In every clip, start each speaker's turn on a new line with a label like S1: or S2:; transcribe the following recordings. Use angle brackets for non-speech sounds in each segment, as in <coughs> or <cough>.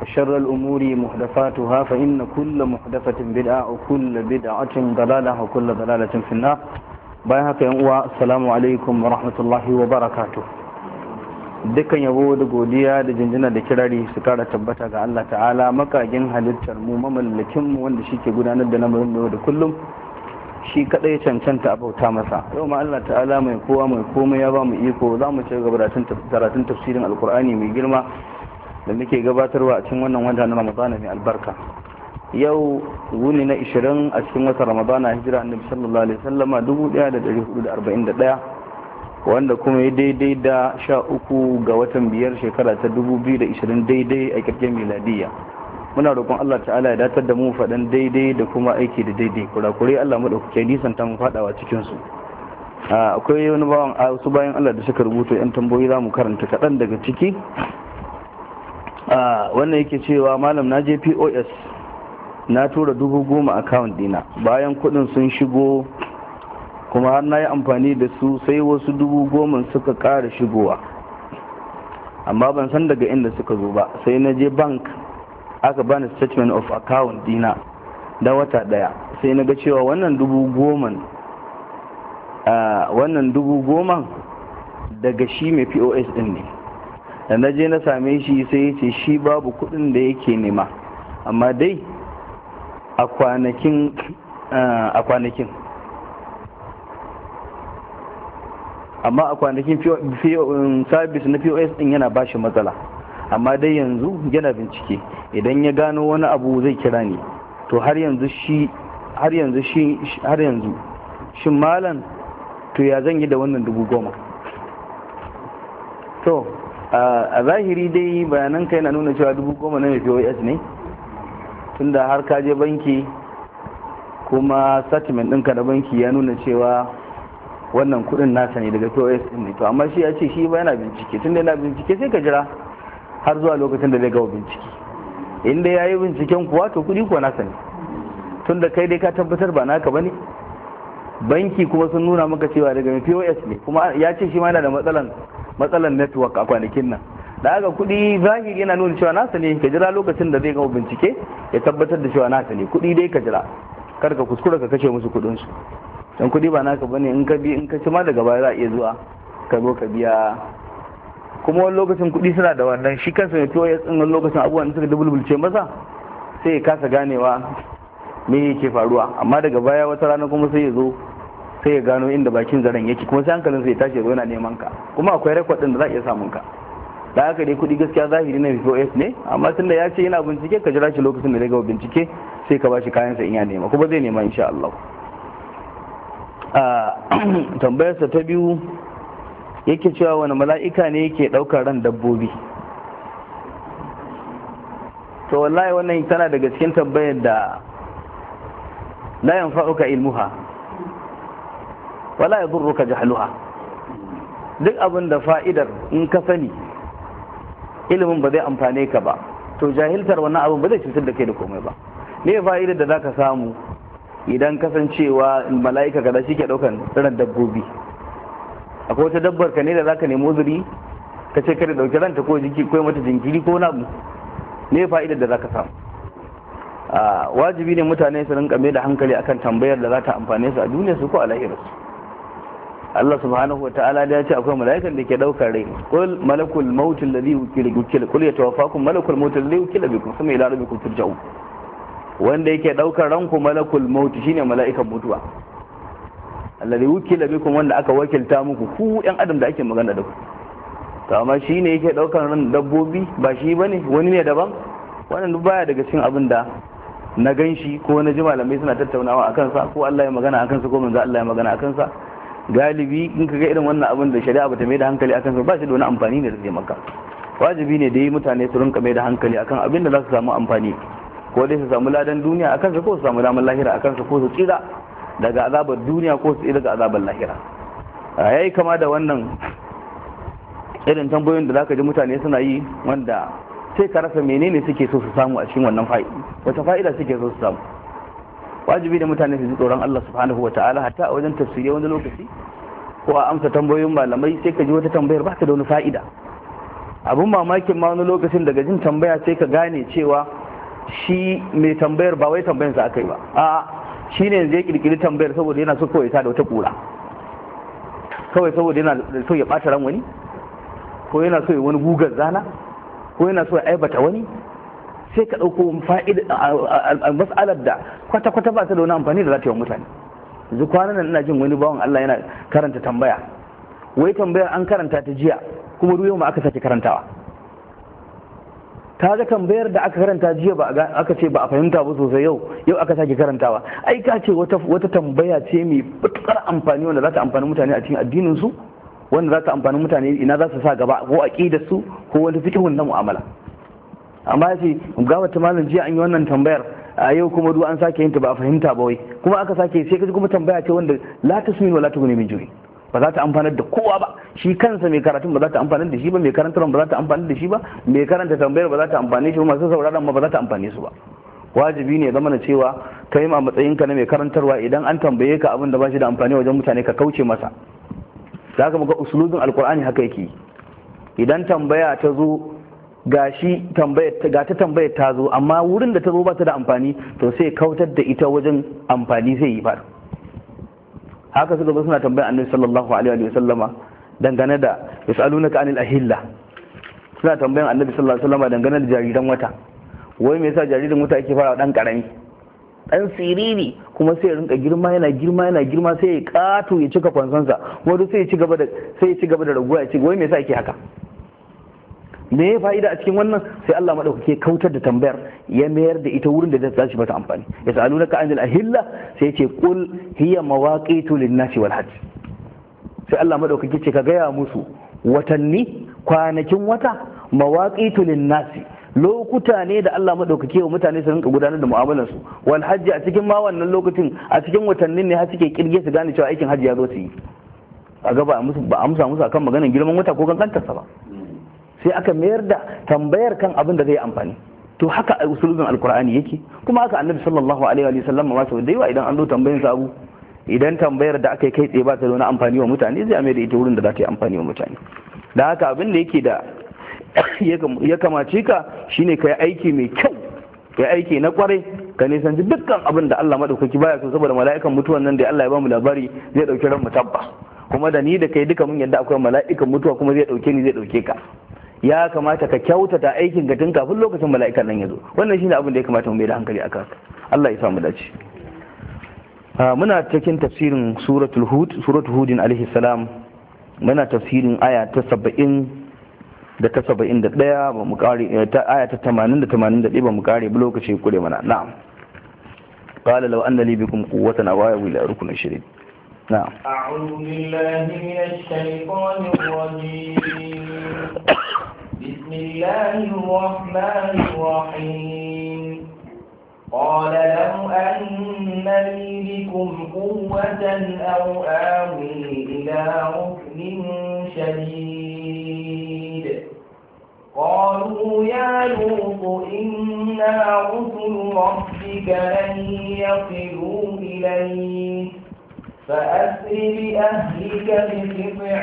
S1: umuri وشر الأمور محدثاتها kulla كل محدثة بدعة وكل بدعة ضلالة وكل ضلالة في النار بايهاك ينقوى السلام عليكم ورحمة wa وبركاته dukkan yabo da godiya da jinjina da kirari su kara tabbata ga Allah ta'ala makagin halittar mu mamallakin mu wanda shike gudanar da na yau da kullum shi kadai cancanta a bauta masa yau ma Allah ta'ala mai kowa mai komai ya bamu iko za mu ci gaba da tafsirin alkur'ani mai girma da muke gabatarwa a cikin wannan wata na ramadana mai albarka yau wuni na 20 a cikin wata ramadana hijira annabi sallallahu alaihi wasallama 1441 wanda kuma ya daidai da 13 ga watan biyar shekara ta 2020 daidai a kirkin miladiyya muna roƙon Allah ta'ala ya datar da mu faɗan daidai da kuma aiki da daidai kurakurai Allah mu maɗaukake nisan ta mu faɗawa cikin su akwai wani bawan wasu bayan Allah da suka rubuta yan tambayoyi za mu karanta kaɗan daga ciki wannan yake cewa malam na je pos na tura dubu goma account dina bayan kudin sun shigo kuma har na yi amfani da su sai wasu dubu goma suka kara shigowa amma ban san daga inda suka zo ba sai na je bank aka bani statement of account dina da wata daya sai na ga cewa wannan dubu goma wannan dubu goma daga shi mai pos din ne da na je na same shi sai ce shi babu kudin da yake nema amma dai a kwanakin eh, a kwanakin amma a kwanakin mm, sabis na pos din yana bashi matsala amma dai yanzu yana bincike idan ya gano wani abu zai kira ni to har yanzu shi har yanzu shi har yanzu shi malam to ya zan yi da wannan dubu goma to a zahiri dai bayanan kai na nuna cewa dubu goma na mai pos ne tunda har ka je banki kuma statement ɗinka na banki ya nuna cewa wannan kudin nasa ne daga pos ɗin ne to amma shi ya ce shi ba yana bincike tunda yana bincike sai ka jira har zuwa lokacin da zai gawa bincike inda ya yi binciken kuwa to kudi kuwa nasa ne tunda kai dai ka tabbatar ba naka bane banki kuma sun nuna maka cewa daga mai pos ne kuma ya ce shi ma yana da matsalan matsalar network a kwanakin nan da haka kuɗi zahiri yana nuna cewa nasa ne ka jira lokacin da zai gama bincike ya tabbatar da cewa nasa ne kuɗi dai ka jira kar ka kuskura ka kashe musu kudin su dan kuɗi ba naka bane in ka bi in ka ci ma daga baya za a iya zuwa ka zo ka biya kuma wani lokacin kuɗi suna da wannan shi kansa ne to ya tsin wani lokacin abubuwan suka dubulbulce masa sai ya kasa ganewa me yake faruwa amma daga baya wata rana kuma sai ya zo sai ya gano inda bakin zaren yake kuma sai hankalin sai ya tashi yana neman ka kuma akwai rekod din da za a iya samun ka da haka dai kudi gaskiya zahiri na POS ne amma tunda ya ce yana bincike ka jira shi lokacin da zai gaba bincike sai ka bashi kayan sa in ya nema kuma zai nema insha Allah <clears throat> tambayar sa ta biyu yake cewa wani mala'ika ne yake daukar ran dabbobi to wallahi wannan tana daga cikin tambayar da la yanfa'uka ilmuha wala ya ka jahluha duk abin da fa'idar in ka sani ilimin ba zai amfane ka ba to jahiltar wannan abin ba zai cutar da kai da komai ba ne fa'idar da zaka samu idan kasancewa mala'ika kaza shi ke daukan ran dabbobi akwai wata dabbar ka ne da zaka nemo zuri ka ce kada dauki ranta ko jiki ko mata jinkiri ko nabu ne fa'idar da zaka samu ah, wajibi ne mutane su rinka mai da hankali akan tambayar da za ta amfane su a duniya su ko a lahirarsu Allah subhanahu wa ta'ala da ya ce akwai mala'ikan da ke ɗaukar rai kul malakul maut alladhi yukil kul yatawaffakum malakul mautu alladhi yukil bikum kuma ila rabbikum turja'u wanda yake daukar ranku malakul mautu shine mala'ikan mutuwa alladhi yukil bikum wanda aka wakilta muku ku yan adam da ake magana da ku to amma shine yake daukar ran dabbobi ba shi bane wani ne daban wannan duk baya daga cikin abin da na ganshi ko na ji malamai suna tattaunawa akan sa ko Allah ya magana akan sa ko manzo Allah ya magana akan sa galibi in ka ga irin wannan abin da shari'a bata mai da hankali akan su ba shi da wani amfani ne da zai maka wajibi ne da yi mutane su rinka mai da hankali akan abin da za su samu amfani ko dai su samu ladan duniya akan su ko su samu laman lahira akan su ko su tsira daga azabar duniya ko su tsira daga azabar lahira yayi kama da wannan irin tambayoyin da zaka ji mutane suna yi wanda sai ka rasa menene suke so su samu a cikin wannan fa'ida wata fa'ida suke so su samu wajibi da mutane su ji tsoron Allah subhanahu wa ta'ala hatta a wajen tafsiri wani lokaci ko a amsa tambayoyin malamai sai ka ji wata tambayar ba ta da wani fa'ida abin mamakin ma wani lokacin daga jin tambaya sai ka gane cewa shi mai tambayar ba wai tambayar sa aka yi ba a shi ne yanzu ya kirkiri tambayar saboda yana so kawai ta da wata kura kawai saboda yana so ya bata ran wani ko yana so ya wani gugar zana ko yana so ya aibata wani sai ka ɗauko mas'alar da kwata-kwata ba ta da wani amfani da za ta yi wa mutane yanzu kwanan nan ina jin wani bawan Allah yana karanta tambaya wai tambayar an karanta ta jiya kuma ruwa ma aka sake karantawa ta ga tambayar da aka karanta jiya ba aka ce ba a fahimta ba sosai yau yau aka sake karantawa ai ka ce wata tambaya ce mai fitar amfani wanda za ta amfani mutane a cikin addinin su wanda za ta amfani mutane ina za su sa gaba ko aqidar su ko wani fiqhun na mu'amala amma ya ce ga wata malam jiya an yi wannan tambayar a yau kuma duk an sake yin ta ba a fahimta ba wai kuma aka sake sai kaji kuma tambaya ce wanda la tasmin wala tuguni min juri ba za ta amfanar da kowa ba shi kansa mai karatun ba za ta amfanar da shi ba mai karantar ba za ta amfanar da shi ba mai karanta tambayar ba za ta amfane shi ba masu sauraron ba za ta amfane su ba wajibi ne zama na cewa kai ma matsayinka na mai karantarwa idan an tambaye ka abin da ba shi da amfani wajen mutane ka kauce masa za ka muka usulubin alkur'ani haka yake idan tambaya ta zo ga shi ga ta tambayar ta zo amma wurin da ta zo ba ta da amfani to sai kautar da ita wajen amfani zai yi ba haka suka zo suna tambayar annabi sallallahu alaihi wa sallama dangane da yasalunaka anil ahilla suna tambayar annabi sallallahu alaihi wa sallama dangane da jariran wata wai me yasa jaririn wata yake fara dan karami dan siriri kuma sai ya rinka girma yana girma yana girma sai ya kato ya cika kwansansa wani sai ya ci gaba da sai ya ci gaba da raguwa ya ci wai me yasa yake haka me ya fa'ida a cikin wannan sai Allah madaukake kautar da tambayar ya mayar da ita wurin da za shi mata amfani ya sa'aluna ka a ahilla sai ya ce qul hiya mawaqitu lin-nasi wal hajj sai Allah madaukake ce ka gaya musu watanni kwanakin wata mawaqitu lin-nasi lokuta ne da Allah madaukake wa mutane su rinka gudanar da mu'amalar su wal hajj a cikin ma wannan lokacin a cikin watannin ne har suke kirge su gane cewa aikin hajji ya zo su yi a gaba ba a musa musu akan maganar girman wata ko kankantarsa ba sai aka mayar da tambayar kan abin da zai amfani to haka a usulubin alkur'ani yake kuma haka annabi sallallahu alaihi wa sallam ma sai yawa idan an zo tambayin sabu idan tambayar da aka yi kai tsaye ba ta zauna amfani wa mutane zai amai da ita wurin da za ta yi amfani wa mutane da haka abin da yake da <coughs> ya kamace ka shine ka yi aiki mai kyau ka yi aiki na kwarai ka nisanci dukkan abin da Allah madaukaki baya so saboda mala'ikan mutuwan nan da Allah ya bamu labari zai dauki ran mu tabba kuma da ni da kai duka mun yadda akwai mala'ikan mutuwa kuma zai dauke ni zai dauke ka ya kamata ka kyautata aikin ka tun kafin lokacin mala'ikan nan ya zo wannan shine abin da ya kamata mu mai da hankali akan Allah ya samu dace ah, muna cikin tafsirin suratul hud suratul hudin alaihi salam muna tafsirin aya ta 70 da ta 71 ba mu kare eh, ta aya ta 80 da 81 ba mu kare ba lokaci kure mana na'am qala law anna li bikum quwwatan wa ila rukun shirin نعم
S2: أعوذ بالله من الشيطان الرجيم بسم الله الرحمن الرحيم قال لو أن لي بكم قوة أو آوي إلى ركن شديد قالوا يا لوط إنا رسل ربك لن يصلوا إليك فأسر بأهلك بقطع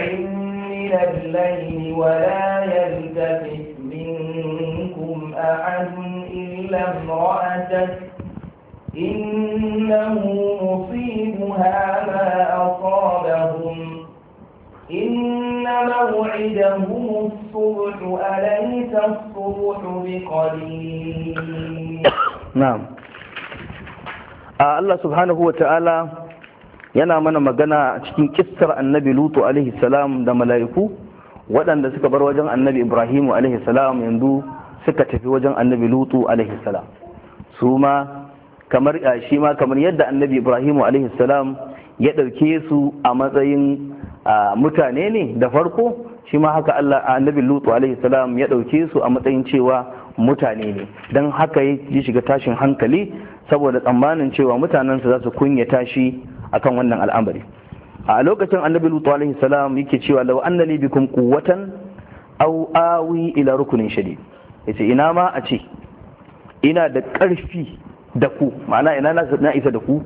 S2: من الليل ولا يلتفت منكم أحد إلا امرأتك إنه مصيبها ما أصابهم إن موعدهم الصبح أليس الصبح بقليل
S1: نعم آه، الله سبحانه وتعالى yana mana magana a cikin kissar annabi lutu alaihi da mala'iku waɗanda suka bar wajen annabi ibrahimu alaihi salam yanzu suka tafi wajen annabi lutu alaihi salam su ma kamar shi ma kamar yadda annabi ibrahimu alaihi salam ya ɗauke su a matsayin mutane ne da farko shi ma haka Allah annabi lutu alaihi ya ɗauke su a matsayin cewa mutane ne don haka ya shiga tashin hankali saboda tsammanin cewa mutanensa za su kunyata shi akan wannan al'amari a lokacin annabi lutu alaihi salam yake cewa law annani bikum quwwatan aw awi ila rukunin shadid yace ina ma a ce ina da ƙarfi da ku ma'ana ina na isa da ku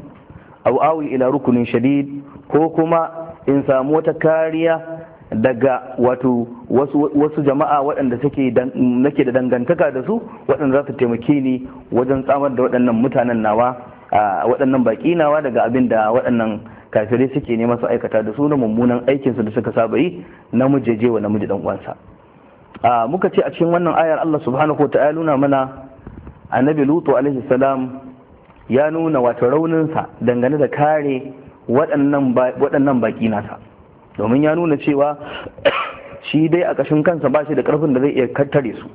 S1: aw awi ila rukunin shadid ko kuma in samu wata kariya daga wato wasu, jama'a waɗanda suke nake da dangantaka da su waɗanda za su taimake ni wajen tsamar da waɗannan mutanen nawa waɗannan baki nawa daga abin da waɗannan kafirai suke ne masu aikata da su na mummunan aikinsu da suka saba yi mujeje wa namiji dan uwansa muka ce a cikin wannan ayar Allah subhanahu wa ta'ala nuna mana annabi lutu alaihi salam ya nuna wato sa dangane da kare waɗannan baƙi nasa domin ya nuna cewa <coughs> shi dai a kashin kansa ba shi da ƙarfin da zai iya kattare su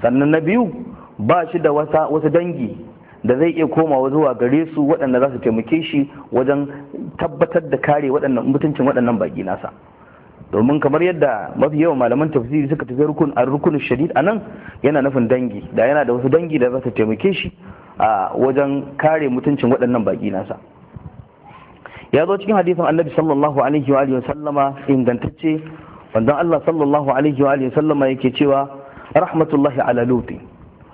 S1: sannan na biyu ba shi da wasu dangi da zai iya komawa zuwa gare su waɗanda za su taimake shi wajen tabbatar da kare waɗannan mutuncin waɗannan baƙi nasa domin kamar yadda mafi yawan malaman tafsiri suka tafi rukun a rukunin shadid a nan yana nufin dangi da yana da wasu dangi da za su taimake shi a wajen kare mutuncin waɗannan baƙi nasa ya zo cikin hadisin annabi sallallahu alaihi wa alihi sallama ingantacce wanda Allah sallallahu alaihi wa alihi sallama yake cewa rahmatullahi ala lutin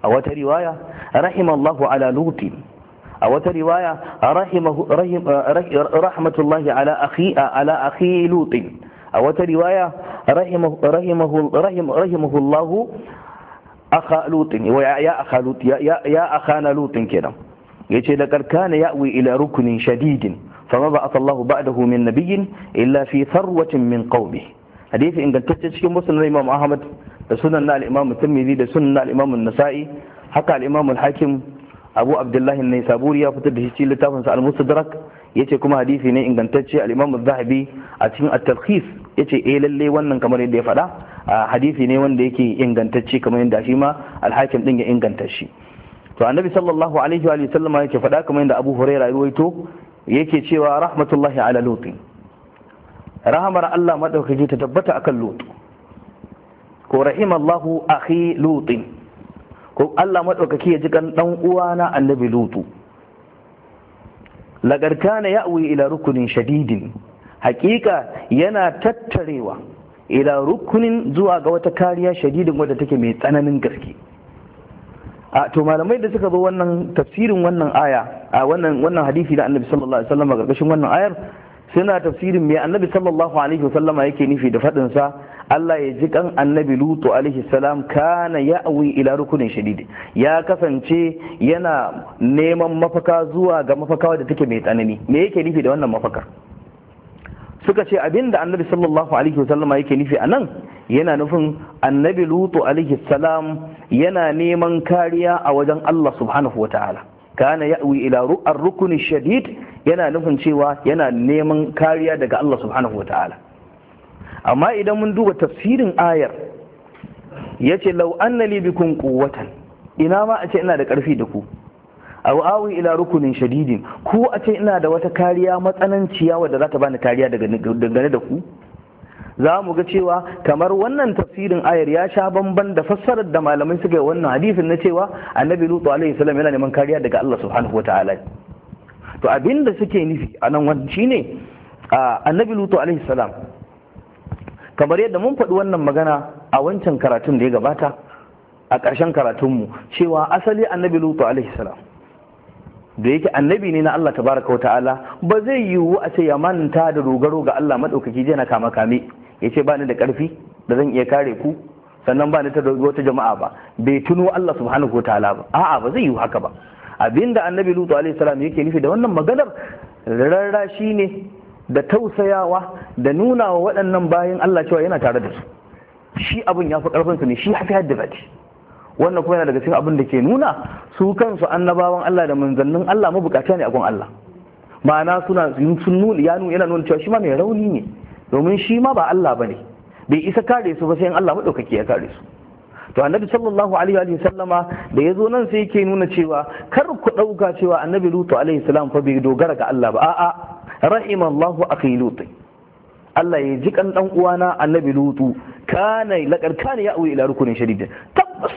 S1: a wata riwaya rahimallahu ala lutin a wata riwaya eh, rahmatullahi ala akhi ala lutin a wata riwaya rahimahullahu akha lutin ya akha lut ya akhana lutin kenan ce da karkana ya'wi ila rukunin shadidin fama ba'atha Allahu da min nabiyin illa fi tharwatin min qaumi hadisi ingantacce cikin musnad Imam Ahmad da sunan na al'imamu tirmidhi da sunan na al nasa'i haka al hakim abu abdullahi ne saburi ya fitar da shi cikin littafin sa al-mustadrak yace kuma hadisi ne ingantacce al zahabi a cikin at-talkhis yace eh lalle wannan kamar yadda ya faɗa hadisi ne wanda yake ingantacce kamar yadda shi ma al-hakim din ya inganta shi to annabi sallallahu alaihi wa sallam yake faɗa kamar yadda abu huraira ya ruwaito yake cewa rahmatullahi ala lutin rahmar Allah madaukaki ta tabbata akan lutu ko rahimallahu akhi lutin ko Allah madaukaki ya ji kan dan uwana annabi lutu lagar ya ya'wi ila rukunin shadidin hakika yana tattarewa ila rukunin zuwa ga wata kariya shadidin wadda take mai tsananin gaske a to malamai da suka zo wannan tafsirin wannan aya a wannan wannan hadisi da annabi sallallahu alaihi wasallam a gargashin wannan ayar suna tafsirin me annabi sallallahu alaihi wasallam yake nufi da faɗinsa. sa Allah ya ji kan annabi lutu alaihi salam kana awi ila rukunin shadidi ya kasance yana neman mafaka zuwa ga mafaka da take mai tsanani me yake nufi da wannan mafakar suka ce abinda annabi sallallahu alaihi wasallama yake nufi anan? yana nufin annabi lutu alaihi salam yana neman kariya a wajen Allah subhanahu wataala kana awi ila ru'ar rukunin shadid yana nufin cewa yana neman kariya daga Allah subhanahu wataala amma idan mun duba tafsirin ayar ya ce lau na libikun kowatan ina ma a ce ina da karfi da ku aw awi ila rukunin shadidin ko a ce ina da wata kariya matsananciya wadda za ta bani kariya dangane da ku za mu ga cewa kamar wannan tafsirin ayar ya sha bamban da fassarar da malamai suka yi wannan hadisin na cewa annabi lutu alaihi salam yana neman kariya daga Allah subhanahu ta'ala to abinda suke nufi a nan wani shine annabi lutu alaihi salam kamar yadda mun faɗi wannan magana a wancan karatun da ya gabata a ƙarshen karatunmu cewa asali annabi lutu alaihi salam da yake annabi ne na Allah tabaraka ta'ala ba zai yiwu a ce ya manta da dogaro ga Allah madaukaki jana kama kame ya ba ni da ƙarfi da zan iya kare ku sannan ba ni ta wata jama'a ba bai tuno Allah subhanahu ta'ala ba a'a ba zai yiwu haka ba abinda annabi lutu alaihi salam yake nufi da wannan maganar rarra shine da tausayawa da nuna wa waɗannan bayan Allah cewa yana tare da su shi abin ya fi ƙarfinsu ne shi hafi hadda ce. wannan kuma yana daga cikin abin da ke nuna su kansu annabawan Allah da manzannin Allah mabukata ne a gun Allah ma'ana suna sun nuna ya nuna yana nuna cewa shi ma mai rauni ne domin shi ma ba Allah ba ne. bai isa kare su ba sai Allah maɗaukaki ya kare su to annabi sallallahu alaihi wa sallama da yazo nan sai yake nuna cewa kar ku dauka cewa annabi lutu alaihi salam fa bai dogara ga Allah ba a'a rahim Allahu akhi Allah ya ji kan dan uwana annabi lutu kana laqad kana ya'wi ila rukunin shadid tabbas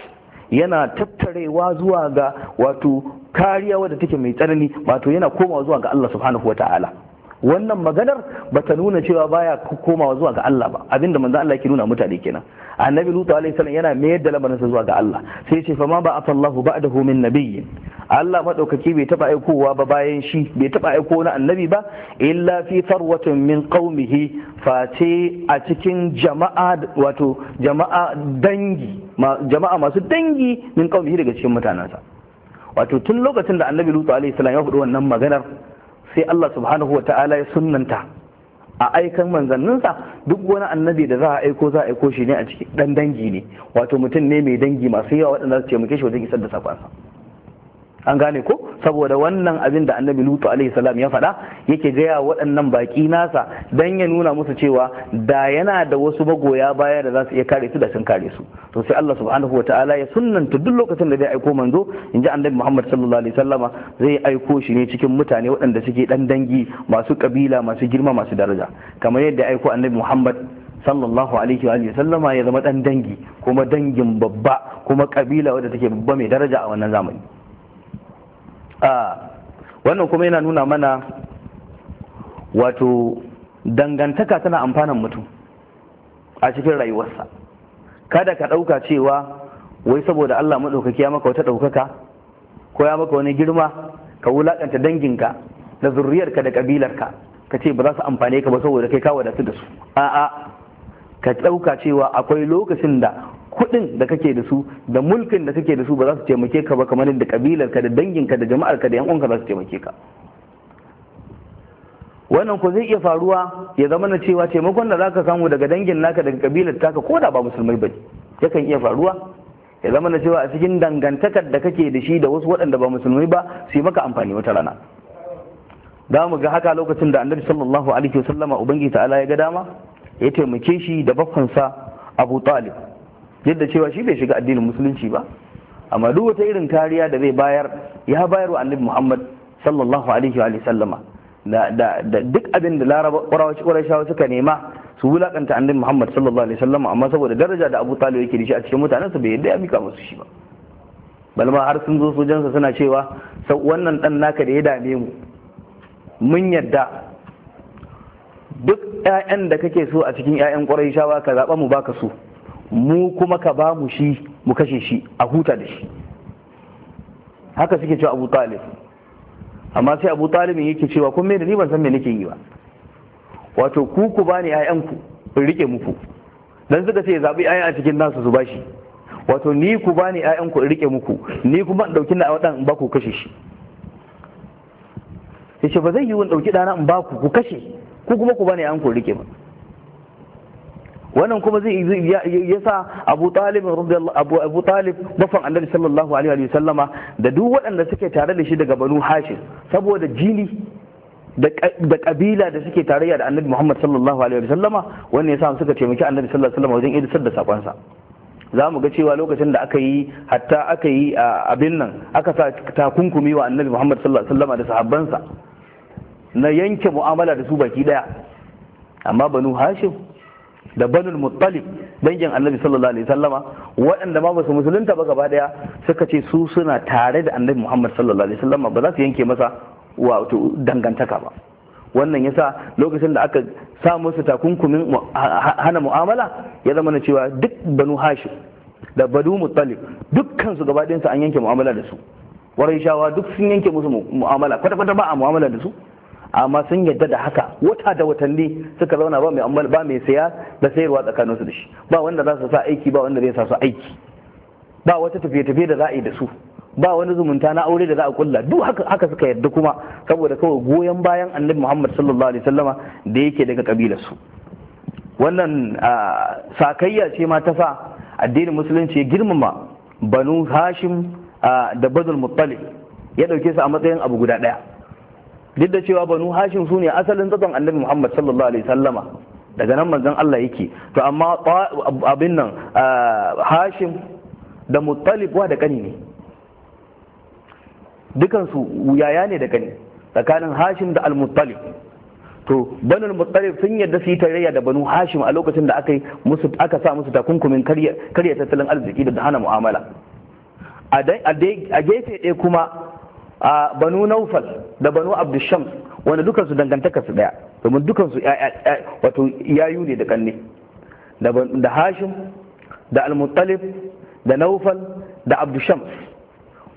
S1: yana tattarewa zuwa ga wato kariya wadda take mai tsanani wato yana komawa zuwa ga Allah subhanahu wataala wannan maganar ba ta nuna cewa baya komawa zuwa ga Allah ba abinda manzo Allah yake nuna mutane kenan annabi lutu alaihi salam yana mayar da lamarinsa zuwa ga Allah sai ce fa ma ba Allahu ba'dahu min nabiyyin Allah madaukaki bai taba aikowa ba bayan shi bai taba aiko na annabi ba illa fi farwatin min qaumihi face a cikin jama'a wato jama'a dangi jama'a masu dangi min qaumihi daga cikin mutanansa wato tun lokacin da annabi lutu alaihi salam ya faɗi wannan maganar sai Allah subhanahu wa ta'ala ya sunnanta a aikan manzanninsa duk wani annabi da za a aiko za a aiko shi ne a cikin dan dangi ne wato mutum ne mai dangi masu yawa waɗanda su taimake shi wajen isar da sakonsa an gane ko saboda wannan abin da annabi lutu alaihi salam ya faɗa yake gaya waɗannan baƙi nasa dan ya nuna musu cewa da yana da wasu magoya baya da za su iya kare su da sun kare su to sai Allah subhanahu ta'ala ya sunnanta duk lokacin da zai aiko manzo in ji annabi Muhammad sallallahu alaihi sallama zai aiko shi ne cikin mutane waɗanda suke dan dangi masu kabila masu girma masu daraja kamar yadda aiko annabi Muhammad sallallahu alaihi wa sallama ya zama dan dangi kuma dangin babba kuma kabila wadda take babba mai daraja a wannan zamani wannan kuma yana nuna mana wato dangantaka tana amfanan mutum a cikin rayuwarsa kada ka ɗauka cewa wai saboda Allah maɗaukaki ya maka wata ɗaukaka ko ya maka wani girma ka wulaƙanta danginka da zurriyarka da ƙabilarka ka ce ba za su amfane ka ba saboda kai ka wadatu da su a'a ka ɗauka cewa akwai lokacin da kuɗin da kake da su da mulkin da kake da su ba za su taimake ka ba kamar da kabilar ka da dangin ka da jama'ar ka da yan uwanka za su taimake ka wannan ko zai iya faruwa ya zama na cewa taimakon da zaka samu daga dangin naka daga kabilar taka ko da ba musulmai bane yakan iya faruwa ya zama na cewa a cikin dangantakar da kake da shi da wasu waɗanda ba musulmai ba su yi maka amfani wata rana za mu ga haka lokacin da annabi sallallahu alaihi wasallama ubangi ta'ala ya ga dama ya taimake shi da bakwansa abu talib yadda cewa shi bai shiga addinin musulunci ba amma duk wata irin kariya da zai bayar ya bayar wa annabi muhammad sallallahu alaihi wa sallama da duk abin da larabawa suka nema su wulakanta annabi muhammad sallallahu alaihi wa sallama amma saboda daraja da abu talib yake da shi a cikin mutanen su bai yadda ya mika musu shi ba balma har sun zo sojansa suna cewa sau wannan dan naka da ya dame mu mun yadda duk 'ya'yan da kake so a cikin 'ya'yan ƙwarai shawa ka zaɓa mu baka so mu kuma ka ba mu shi mu kashe shi a huta da shi haka suke cewa abu talib amma sai abu talib yake cewa kun me da ni ban san me nake yi ba wato ku ku bani ƴaƴanku in rike muku dan suka ce zabi ƴaƴan a cikin nasu su bashi wato ni ku bani ƴaƴanku in rike muku ni kuma in dauki na wadan in ba ku kashe shi yace ba zai yi wani dauki dana in ba ku ku kashe ku kuma ku bani ƴaƴanku in rike muku wannan kuma zai ya sa abu talib abu talib bafan annabi sallallahu alaihi wa sallama da duk waɗanda suke tare da shi daga banu hashim saboda jini da kabila da suke tarayya da annabi muhammad sallallahu alaihi wa sallama wannan yasa suka taimaki annabi sallallahu alaihi wa sallama wajen idisar da sakonsa za mu ga cewa lokacin da aka yi hatta aka yi abin nan aka sa takunkumi wa annabi muhammad sallallahu alaihi wa sallama da sahabbansa na yanke mu'amala da su baki daya amma banu hashim da banul muttalib dangin annabi sallallahu alaihi wasallama waɗanda ma basu musulunta ba gaba daya suka ce su suna tare da annabi muhammad sallallahu alaihi wasallama ba za su yanke masa wato dangantaka ba wannan yasa lokacin da aka sa musu takunkumin hana mu'amala ya zama na cewa duk banu hashim da banu muttalib dukkan su gaba an yanke mu'amala da su warai shawa duk sun yanke musu mu'amala kwata-kwata ba a mu'amala da su amma sun yadda da haka wata da watanni suka zauna ba mai ba mai saya da sayarwa tsakanin su da shi ba wanda za su sa aiki ba wanda zai sa su aiki ba wata tafiye-tafiye da za a yi da su ba wani zumunta na aure da za a kulla duk haka haka suka yarda kuma saboda kawai goyon bayan annabi Muhammad sallallahu alaihi wasallama da yake daga kabilar su wannan sakayya ce ma ta sa addinin musulunci ya girmama banu hashim da badul muttalib ya dauke su a matsayin abu guda daya duk da cewa banu hashim su ne asalin tsatson annabi muhammad sallallahu alaihi sallama daga nan manzon Allah yake to amma abin nan ah, hashim da muttalib wa da kani ne dukansu yaya ne da kani tsakanin hashim da al-muttalib to banu muttalib sun yadda su yi tarayya da banu hashim a lokacin da aka musu aka sa musu takunkumin karya tattalin arziki da hana mu'amala a gefe ɗaya kuma a banu naufal da banu abdushams wanda dukansu dangantaka su daya domin dukansu wato yayu ne da kanne da hashim da almuttalib da naufal da abdushams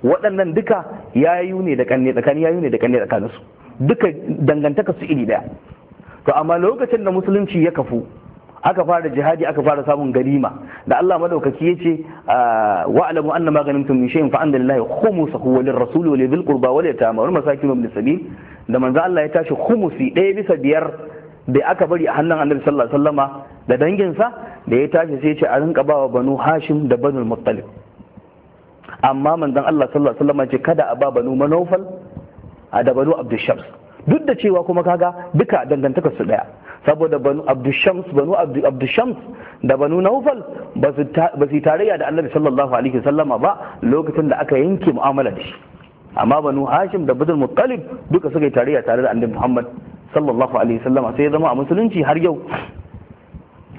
S1: waɗannan duka yayu ne da kanne tsakanin yayu ne da kanne tsakaninsu duka dangantaka su iri daya to amma lokacin da musulunci ya kafu aka fara jihadi aka fara samun ganima da Allah madaukaki yace ah, wa alamu anna ma ganimtum min shay'in fa inna lillahi khumsuhu wa lirrasuli wa lidhil qurba wa liyatama wa masakin ibn sabil da manzo Allah ya tashi khumusi ɗaya bisa biyar da aka bari a hannun Annabi sallallahu alaihi wasallama da danginsa da ya tashi sai ya ce a rinka bawa banu Hashim da banu Muttalib amma manzon Allah sallallahu alaihi wasallama ce kada a ba banu Manawfal a da banu duk da cewa kuma kaga duka dangantaka su daya saboda banu abdushams banu abdushams da banu naufal ba su tarayya da annabi sallallahu alaihi wasallama ba lokacin da aka yanke mu'amala da shi amma banu hashim da budul muttalib duka suka yi tarayya tare da annabi muhammad sallallahu alaihi wasallama sai ya zama a musulunci har yau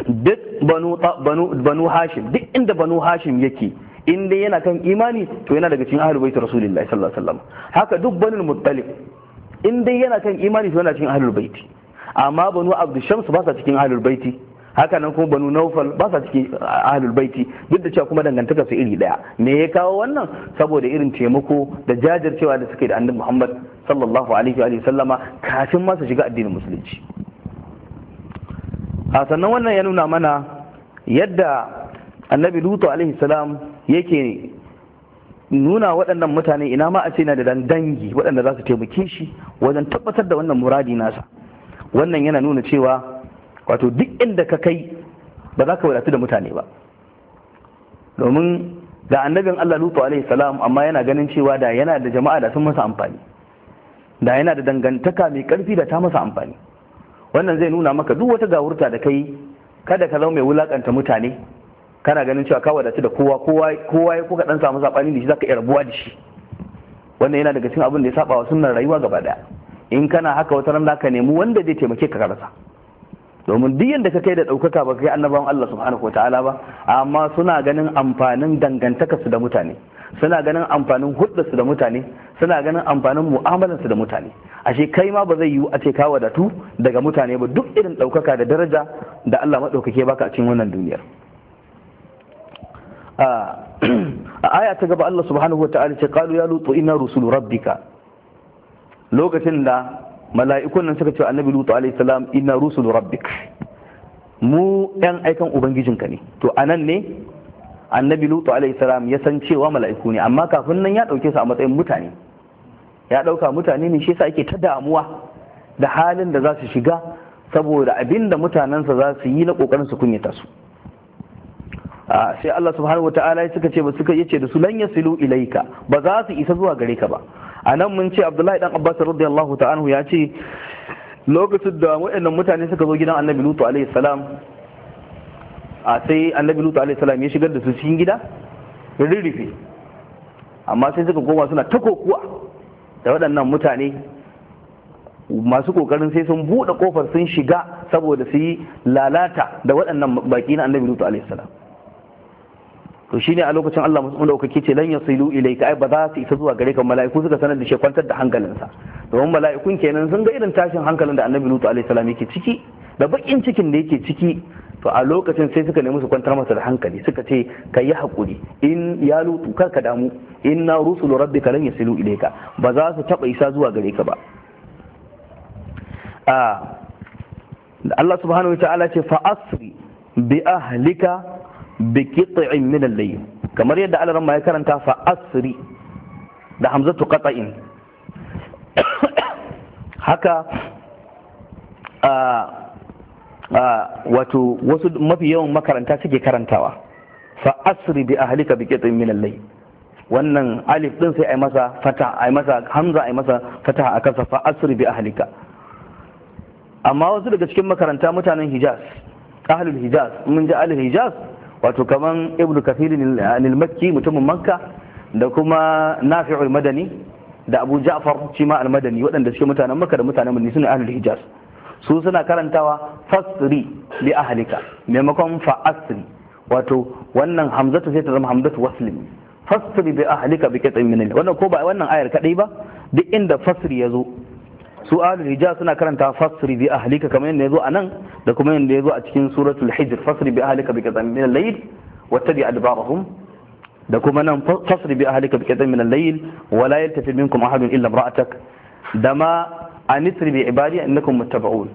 S1: duk banu hashim duk inda banu hashim yake in dai yana kan imani to yana daga cikin ahlul bait rasulullahi sallallahu alaihi wasallam haka duk banu muttalib in dai yana kan imani to yana cikin ahlul baiti amma banu abdu shams ba sa cikin ahlul baiti haka nan kuma banu naufal ba sa cikin ahlul baiti duk da cewa kuma dangantaka su iri daya me ya kawo wannan saboda irin taimako da jajircewa da suke da annabi muhammad sallallahu alaihi wa sallama kafin ma su shiga addinin musulunci a sannan wannan ya nuna mana yadda annabi lutu alaihi salam yake nuna waɗannan mutane ina ma a na da dangi waɗanda za su taimake shi wajen tabbatar da wannan muradi nasa wannan yana nuna cewa wato duk inda ka kai ba za ka wadatu da mutane ba domin ga annabin Allah Lutu alaihi salam amma yana ganin cewa da yana da jama'a da sun masa amfani da yana da dangantaka mai karfi da ta masa amfani wannan zai nuna maka duk wata gawurta da kai kada ka zama mai wulakanta mutane kana ganin cewa ka wadace da kowa kowa ya kuka dan samu sabani da shi zaka iya rabuwa da shi wannan yana daga cikin abin da ya saba wa sunnar rayuwa gaba daya in kana haka wata ran ka nemi wanda zai taimake ka karasa domin duk yadda ka kai da ɗaukaka ba kai annabawan Allah subhanahu wa ta'ala ba amma suna ganin amfanin dangantakarsu da mutane suna ganin amfanin hudarsu da mutane suna ganin amfanin mu'amalarsu da mutane ashe kai ma ba zai yiwu a ce ka wadatu daga mutane ba duk irin ɗaukaka da daraja da Allah maɗaukake baka a cikin wannan duniyar a aya ta gaba Allah subhanahu wa ta'ala ce qalu ya lutu inna rusul rabbika lokacin da mala'ikun nan suka ce annabi lutu alaihi salam inna rusul rabbik mu yan aikan ubangijinka ne to anan ne annabi lutu alaihi salam ya san cewa mala'iku ne amma kafin nan ya dauke su a matsayin mutane ya dauka mutane ne shi yasa ake ta damuwa da halin da za su shiga saboda abinda da mutanensa za su yi na kokarin su kunyata su sai Allah subhanahu wa ta'ala ya suka ce ba suka yace da su lan yasilu ilaika ba za su isa zuwa gare ka ba anan mun ce Abdullahi dan Abbas radiyallahu ta'ala ya ce lokacin da waɗannan mutane suka zo gidan Annabi Lutu alaihi salam a sai Annabi Lutu alaihi salam ya shigar da su cikin gida rurrufe amma sai suka koma suna ta kokuwa da waɗannan mutane masu kokarin sai sun buɗe kofar sun shiga saboda su yi lalata da waɗannan baƙi na Annabi Lutu alaihi salam to shine a lokacin Allah da kake ce lan yasilu ilayka ai ba za su isa zuwa gare ka mala'iku suka sanar da shi kwantar da hankalinsa mun mala'ikun kenan sun ga irin tashin hankalin da Annabi Lutu alaihi salam yake ciki da bakin cikin da yake ciki to a lokacin sai suka nemi su kwantar masa da hankali suka ce ka yi hakuri in ya lutu kar ka damu inna rusulu rabbika lan yasilu ilayka ba za su taba isa zuwa gare ka ba ah, a Allah subhanahu wa ta'ala ce fa asri bi ahlika bi qit'in min kamar yadda Allah ramma ya karanta fa asri da hamzatu qat'in <coughs> haka wato wasu mafi yawan makaranta suke karantawa fa asri bi ahlika bi qit'in min al wannan alif ɗin sai ai masa fata ai masa hamza ai masa fataha a sa fa asri bi ahlika amma wasu daga cikin makaranta mutanen Hijaz ahlul Hijaz mun ji ahlul Hijaz wato kaman ibnu kafir al-makki mutumin makka da kuma nafi'ul madani da abu ja'far shi ma al-madani waɗanda suke mutanen makka da mutanen madina suna ahlul hijaz su suna karantawa fasri li ahlika maimakon fa asri wato wannan hamzatu sai ta zama hamzatu waslimi fasri bi ahlika bi kitabin min wannan ko ba wannan ayar kadai ba duk inda fasri ya zo su ahlul hijaz suna karanta fasri bi ahlika kamar yadda yazo anan da kuma yadda yazo a cikin suratul hijr fasri bi ahlika bi kadam min al-layl wattabi adbarahum da kuma nan fasri bi ahlika bi kadam min al-layl wa la yaltafi minkum ahadun illa imra'atak dama anisri bi ibadi annakum muttaba'un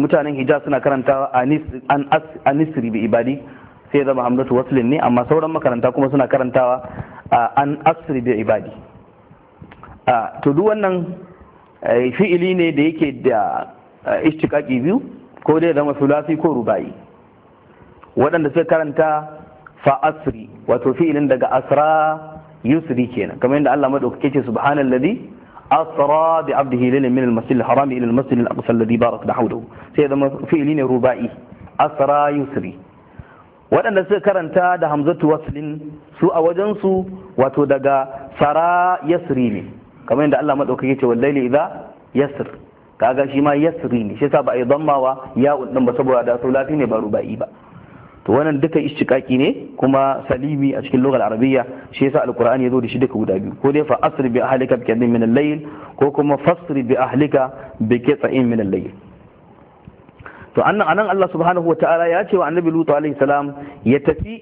S1: mutanen hijaz suna karanta anisri bi ibadi sai zama hamdatu waslin ne amma sauran makaranta kuma suna karantawa an asri bi ibadi to duk wannan Eh, fi'ili ne da yake da eh, ishtiqaqi biyu ko dai zama sulasi ko rubayi waɗanda suka karanta fa asri wato fi'ilin daga asra yusri kenan kamar yadda Allah madaukake ce subhanallazi asra bi abdihi lil min al-masjid al-haram ila al-masjid al-aqsa alladhi barakna hawlahu sai zama fi'ili ne rubai asra yusri waɗanda suka karanta da hamzatu waslin su a wajen su wato daga sara yasri ne kamar yadda Allah madaukake ce wallahi idza yasr kaga shi ma yasri ne shi yasa ba a yi dammawa ya din ba saboda da saulati ne ba rubai ba to wannan duka ishtiqaqi ne kuma salimi a cikin lugar arabiyya shi yasa alqur'ani yazo da shi duka guda biyu ko dai fa asri bi ahlika bi min al-layl ko kuma fasri bi ahlika bi qita'in min al-layl to annan anan Allah subhanahu wataala ya ce wa annabi lutu alaihi salam ya tafi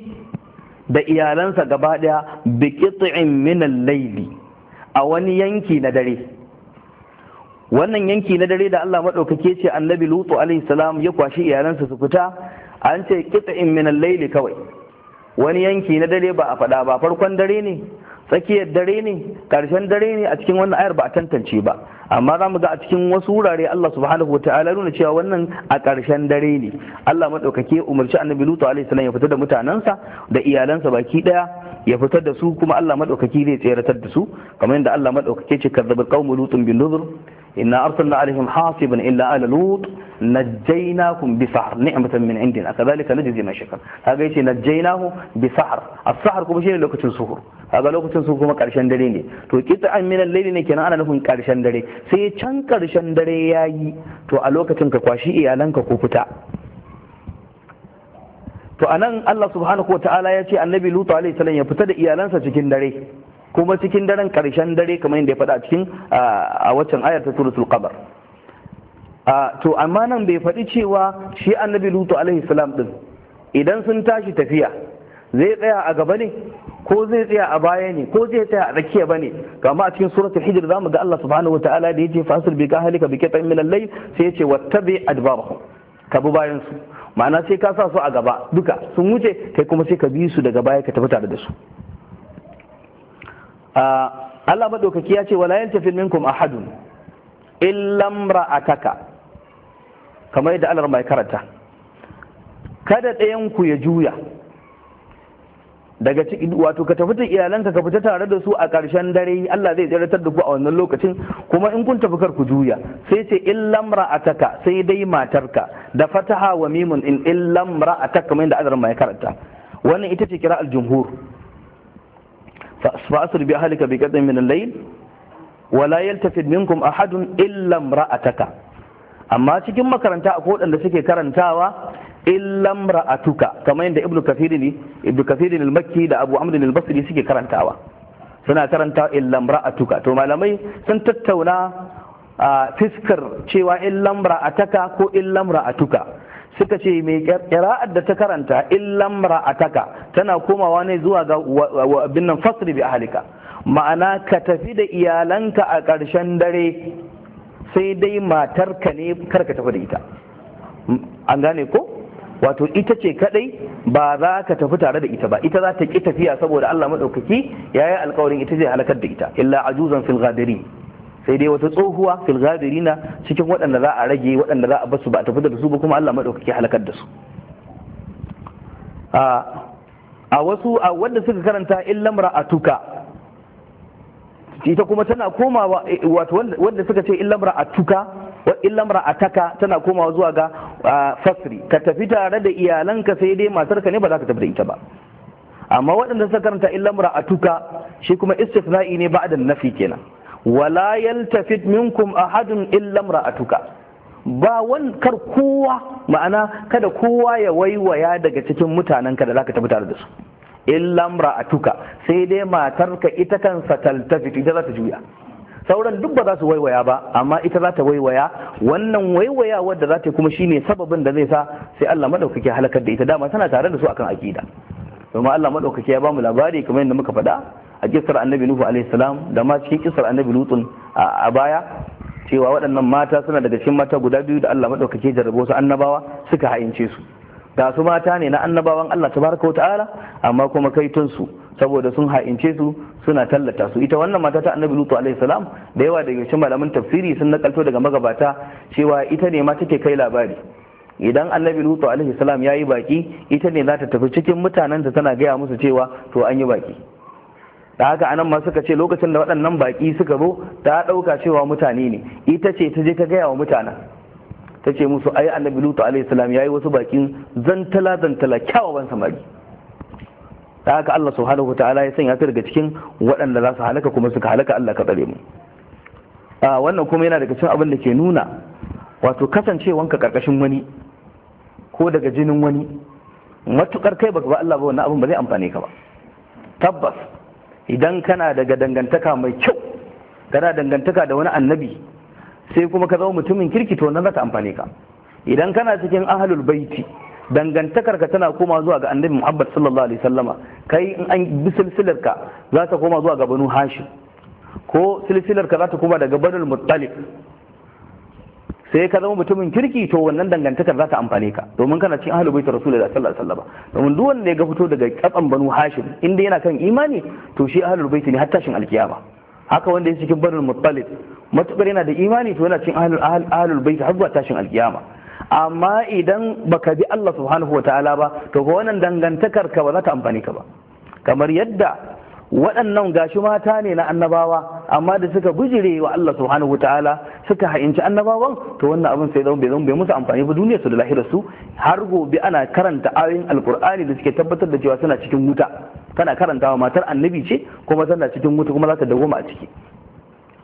S1: da iyalansa gaba daya bi qita'in min al-layli a wani yanki na dare wannan yanki na dare da Allah maɗaukake ce annabi lutu alaihi salam ya kwashi iyalansa su fita an ce in min laili kawai wani yanki na dare ba a faɗa ba farkon dare ne tsakiyar dare ne ƙarshen dare ne a cikin wannan ayar ba a tantance ba amma za mu ga a cikin wasu wurare Allah subhanahu wataala nuna cewa wannan a ƙarshen dare ne Allah maɗaukake umarci annabi lutu alaihi salam ya fita da mutanensa da iyalansa baki ɗaya ya fitar da su kuma Allah madaukaki zai tseratar da su kamar yadda Allah madaukake ce kazzabal qaumu lutun bin nuzur inna arsalna alaihim hasiban illa ala lut najjaynakum bi sahr ni'matan min indina kadhalika najzi man shakar kaga yace najjaynahu bi sahr as-sahr kuma shine lokacin suhur kaga lokacin suhur kuma karshen dare ne to kita an min al ne kenan ana nufin karshen dare sai can karshen dare yayi to a lokacin ka kwashi iyalanka ko fita to anan Allah subhanahu wa ta'ala ya ce annabi lutu alayhi salam ya fita da iyalansa cikin dare kuma cikin daren karshen dare kamar yadda ya faɗa cikin a waccan ayar ta suratul qabr to amma nan bai faɗi cewa shi annabi lutu alayhi salam din idan sun tashi tafiya zai tsaya a gaba ne ko zai tsaya a baya ne ko zai tsaya a tsakiya bane Kamar a cikin suratul hijr zamu ga Allah subhanahu wataala da yace ce bi ka halika bi ka min al-layl sai yace wattabi adbarhum ka bi bayan ma'ana sai ka sa su a gaba duka sun wuce kai kuma sai ka bi su daga baya ka tafi tare da su Allah madaukaki ya ce wala fil minkum ahadun illa imra'ataka kamar yadda Allah mai karanta kada ɗayan ku ya juya daga ciki wato ka tafi da iyalanka ka fita tare da su a ƙarshen dare Allah zai tsiratar da ku a wannan lokacin kuma in kun tafi kar ku juya sai ce illam ra'ataka sai dai matarka da fataha wa mimun in illam ra'ataka kamar yadda azrama ya karanta wannan ita ce kira al-jumhur fa asr bi ahlika bi qadrin min al-layl wa la yaltafid minkum ahadun illa ra'ataka amma cikin makaranta akwai waɗanda suke karantawa illam ra'atuka kamar yadda ibnu kathir ne ibnu kathir al-makki da abu amr al-basri suke karantawa suna karanta illam ra'atuka to malamai sun tattauna a fiskar cewa illam ra'ataka ko illam ra'atuka suka ce mai kira'ar da ta karanta illam ra'ataka tana komawa ne zuwa ga abin nan fasri bi ahlika ma'ana ka tafi da iyalanka a ƙarshen dare sai dai matarka ne karka tafi da ita an gane ko wato ita ce kadai ba za ka tafi tare da ita ba ita za ta ki tafiya saboda Allah madaukaki yayi alƙawarin ita zai halakar da ita illa ajuzan fil ghadirin sai dai wata tsohuwa fil ghadirina cikin waɗanda za a rage waɗanda za a basu ba a tafi da su ba kuma Allah madaukaki halakar da su a wasu a wanda suka karanta illa mar'atuka ita kuma tana komawa eh, wato wanda suka ce illa mar'atuka wa illam ra'ataka tana komawa zuwa ga fasri ka tafi tare da iyalanka sai dai matarka ne ba za ka tafi da ita ba amma waɗanda suka karanta illam ra'atuka shi kuma istikna'i ne ba'da nafi kenan wala yaltafit minkum ahadun illam ra'atuka ba wan kar kowa ma'ana kada kowa ya waiwaya daga cikin mutanenka da zaka tafi tare da su illam ra'atuka sai dai matarka ita kansa taltafitu ita za ta juya sauran duk ba za su waiwaya ba amma ita za ta waiwaya wannan waiwayawa da za ta kuma shine sababin da zai sa sai Allah madaukake halakar da ita dama tana tare da su akan akida domin Allah madaukake ya bamu labari kamar yadda muka faɗa a kisar annabi nuhu alaihi salam da ma cikin kisar annabi lutun a baya cewa waɗannan mata suna daga cikin mata guda biyu da Allah madaukake jarrabo su annabawa suka ha'ince su ga su mata ne na annabawan Allah tabaraka ta'ala amma kuma kaitun su saboda sun ha'ince su suna tallata su ita wannan mata ta annabi lutu alaihi salam da yawa daga cikin malaman tafsiri sun nakalto daga magabata cewa ita ne ma take kai labari idan annabi lutu alaihi salam ya yi baki ita ne za ta tafi cikin mutanen ta tana gaya musu cewa to an yi baki da haka anan ma suka ce lokacin da waɗannan baki suka zo ta ɗauka cewa mutane ne ita ce ta je ta gaya wa mutanen ta ce musu ai annabi lutu alaihi salam yayi wasu bakin zantala zantala kyawawan samari da haka Allah subhanahu wataala ya sanya ta daga cikin waɗanda za su halaka kuma suka halaka Allah ka tsare mu a wannan kuma yana daga cikin abin da ke nuna wato kasancewanka karkashin wani ko daga jinin wani matukar kai baka ba Allah ba wannan abin ba zai amfane ka ba tabbas idan kana daga dangantaka mai kyau kana dangantaka da wani annabi sai kuma ka zama mutumin kirki to nan za ta amfane ka idan kana cikin ahlul baiti dangantakar ka tana koma zuwa ga annabi Muhammad sallallahu alaihi wasallama kai in an bi silsilar ka za ta koma zuwa ga banu hashim ko silsilar ka za ta koma daga banul muttalib sai ka zama mutumin kirki to wannan dangantakar za ta amfane ka domin kana cikin ahlul baiti rasulullahi sallallahu alaihi wasallam domin duk wanda ya ga fito daga katsan banu hashim inda yana kan imani to shi ahlul baiti ne har tashin alkiyama haka wanda ya cikin banul muttalib matukar yana da imani to yana cin ahlul bait har zuwa tashin alkiyama amma idan baka bi Allah subhanahu wataala ba to ga wannan dangantakar ka ba za ta amfani ka ba kamar yadda waɗannan gashi mata ne na annabawa amma da suka bujire wa Allah subhanahu wataala suka ha'inci annabawan to wannan abin sai zama bai zama bai musu amfani ba duniya su da lahirar su har gobe ana karanta ayoyin alkur'ani da suke tabbatar da cewa suna cikin wuta kana karantawa matar annabi ce kuma tana cikin wuta kuma za ta goma a ciki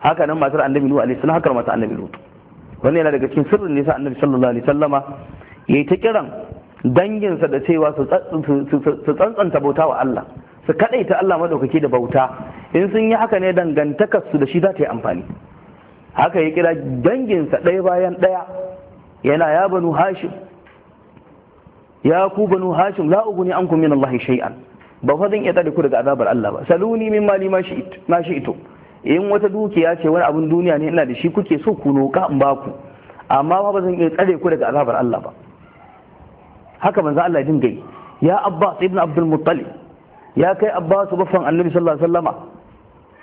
S1: haka nan matar annabi nuhu alaihi salam haka matar annabi lutu wannan yana daga cikin sirrin nisa annabi sallallahu alaihi sallama yayi ta kiran danginsa da cewa su tsantsanta bauta wa Allah su kadaita Allah madaukaki da bauta in sun yi haka ne dangantakar su da shi za ta yi amfani haka ya kira danginsa ɗaya bayan ɗaya yana ya banu hashim ya ku banu hashim la uguni ankum min Allah shay'an ba fa zan iya tsare ku daga azabar Allah ba saluni min mali ma shi'it in wata dukiya ce wani abin duniya ne ina da shi kuke so ku roƙa in baku amma ba ba zan iya tsare ku daga azabar Allah ba haka manzo Allah din gai. ya Abbas ibn Abdul Muttalib ya kai Abbas baffan Annabi sallallahu alaihi wasallama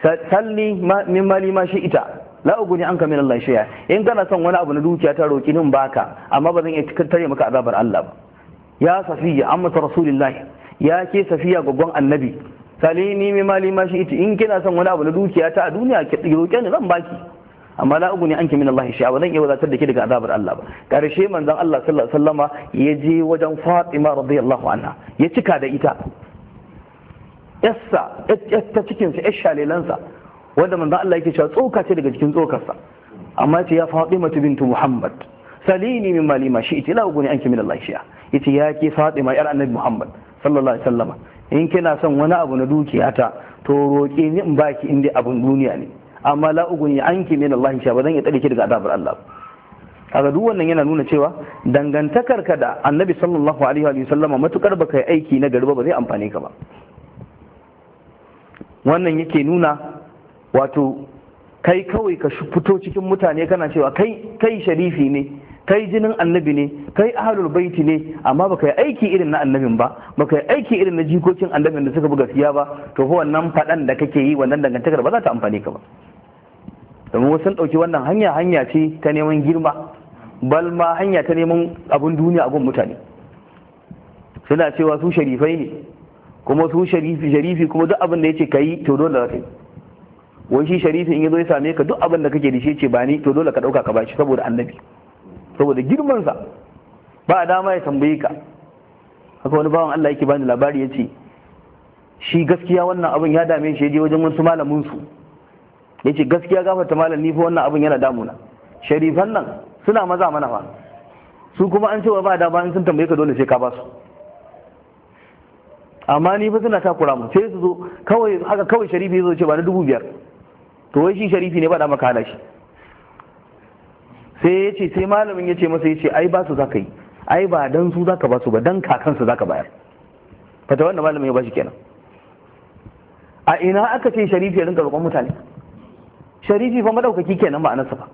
S1: salli min mali ma shi ita la uguni anka min Allah shay'a in kana son wani abu na dukiya ta roki nin baka amma ba zan iya tare maka azabar Allah ba ya safiya amma rasulullahi ya ke safiya gogon annabi salini mi mali ma shi in kina son wani abu na dukiya ta a duniya ki roƙe ni zan baki amma la ne anki min Allah shi'a ba zan iya wadatar da ke daga azabar Allah ba karshe manzon Allah sallallahu alaihi wasallama ya je wajen Fatima radiyallahu anha ya cika da ita yassa ta cikin sa shalelansa wanda manzon Allah yake cewa tsoka ce daga cikin tsokarsa amma ce ya Fatima bintu Muhammad salini min mali ma shi'ti la ne anki min Allah shi'a yace ya ke Fatima yar annabi Muhammad sallallahu alaihi wasallama in kina son wani abu na dukiyata to roƙe ni in baki in dai abun duniya ne amma la ugun ya anki min Allah sha ba zan ya tsare ki daga azabar Allah kaga duk wannan yana nuna cewa dangantakar ka da Annabi sallallahu alaihi wa sallama matukar baka yi aiki na garba ba zai amfane ka ba wannan yake nuna wato kai kawai ka fito cikin mutane kana cewa kai kai sharifi ne kai jinin annabi ne kai ahlul baiti ne amma baka yi aiki irin na annabin ba baka yi aiki irin na jikokin annabin da suka buga siya ba to fa wannan faɗan da kake yi wannan dangantakar ba za ta amfane ka ba domin wasu ɗauki wannan hanya hanya ce ta neman girma bal ma hanya ta neman abun duniya abun mutane suna cewa su sharifai ne kuma su sharifi sharifi kuma duk abin da yace kai to dole za ka yi wai shi sharifi in yazo ya same ka duk abin da kake da shi ba ni to dole ka dauka ka bashi saboda annabi saboda girmansa ba a dama ya tambaye ka haka wani bawan Allah yake bani labari ya ce shi gaskiya wannan abin ya dame shi ya je wajen wasu malaminsu ya ce gaskiya gafarta malam ni fa wannan abin yana damuna sharifan nan suna maza mana fa su kuma an cewa ba da bayan sun tambaye ka dole sai ka ba su amma ni fa suna takura mu sai su zo kawai haka kawai sharifi ya zo ce ba na dubu biyar to wai shi sharifi ne ba da maka shi sai ya ce sai malamin ya ce masa ya ce ai ba su za ka yi ai ba dan su za ka ba su ba dan kakansu za ka bayar fata wanda malamin ya ba shi kenan a ina aka ce sharifi ya rinka roƙon mutane sharifi fa madaukaki kenan ba anasa ba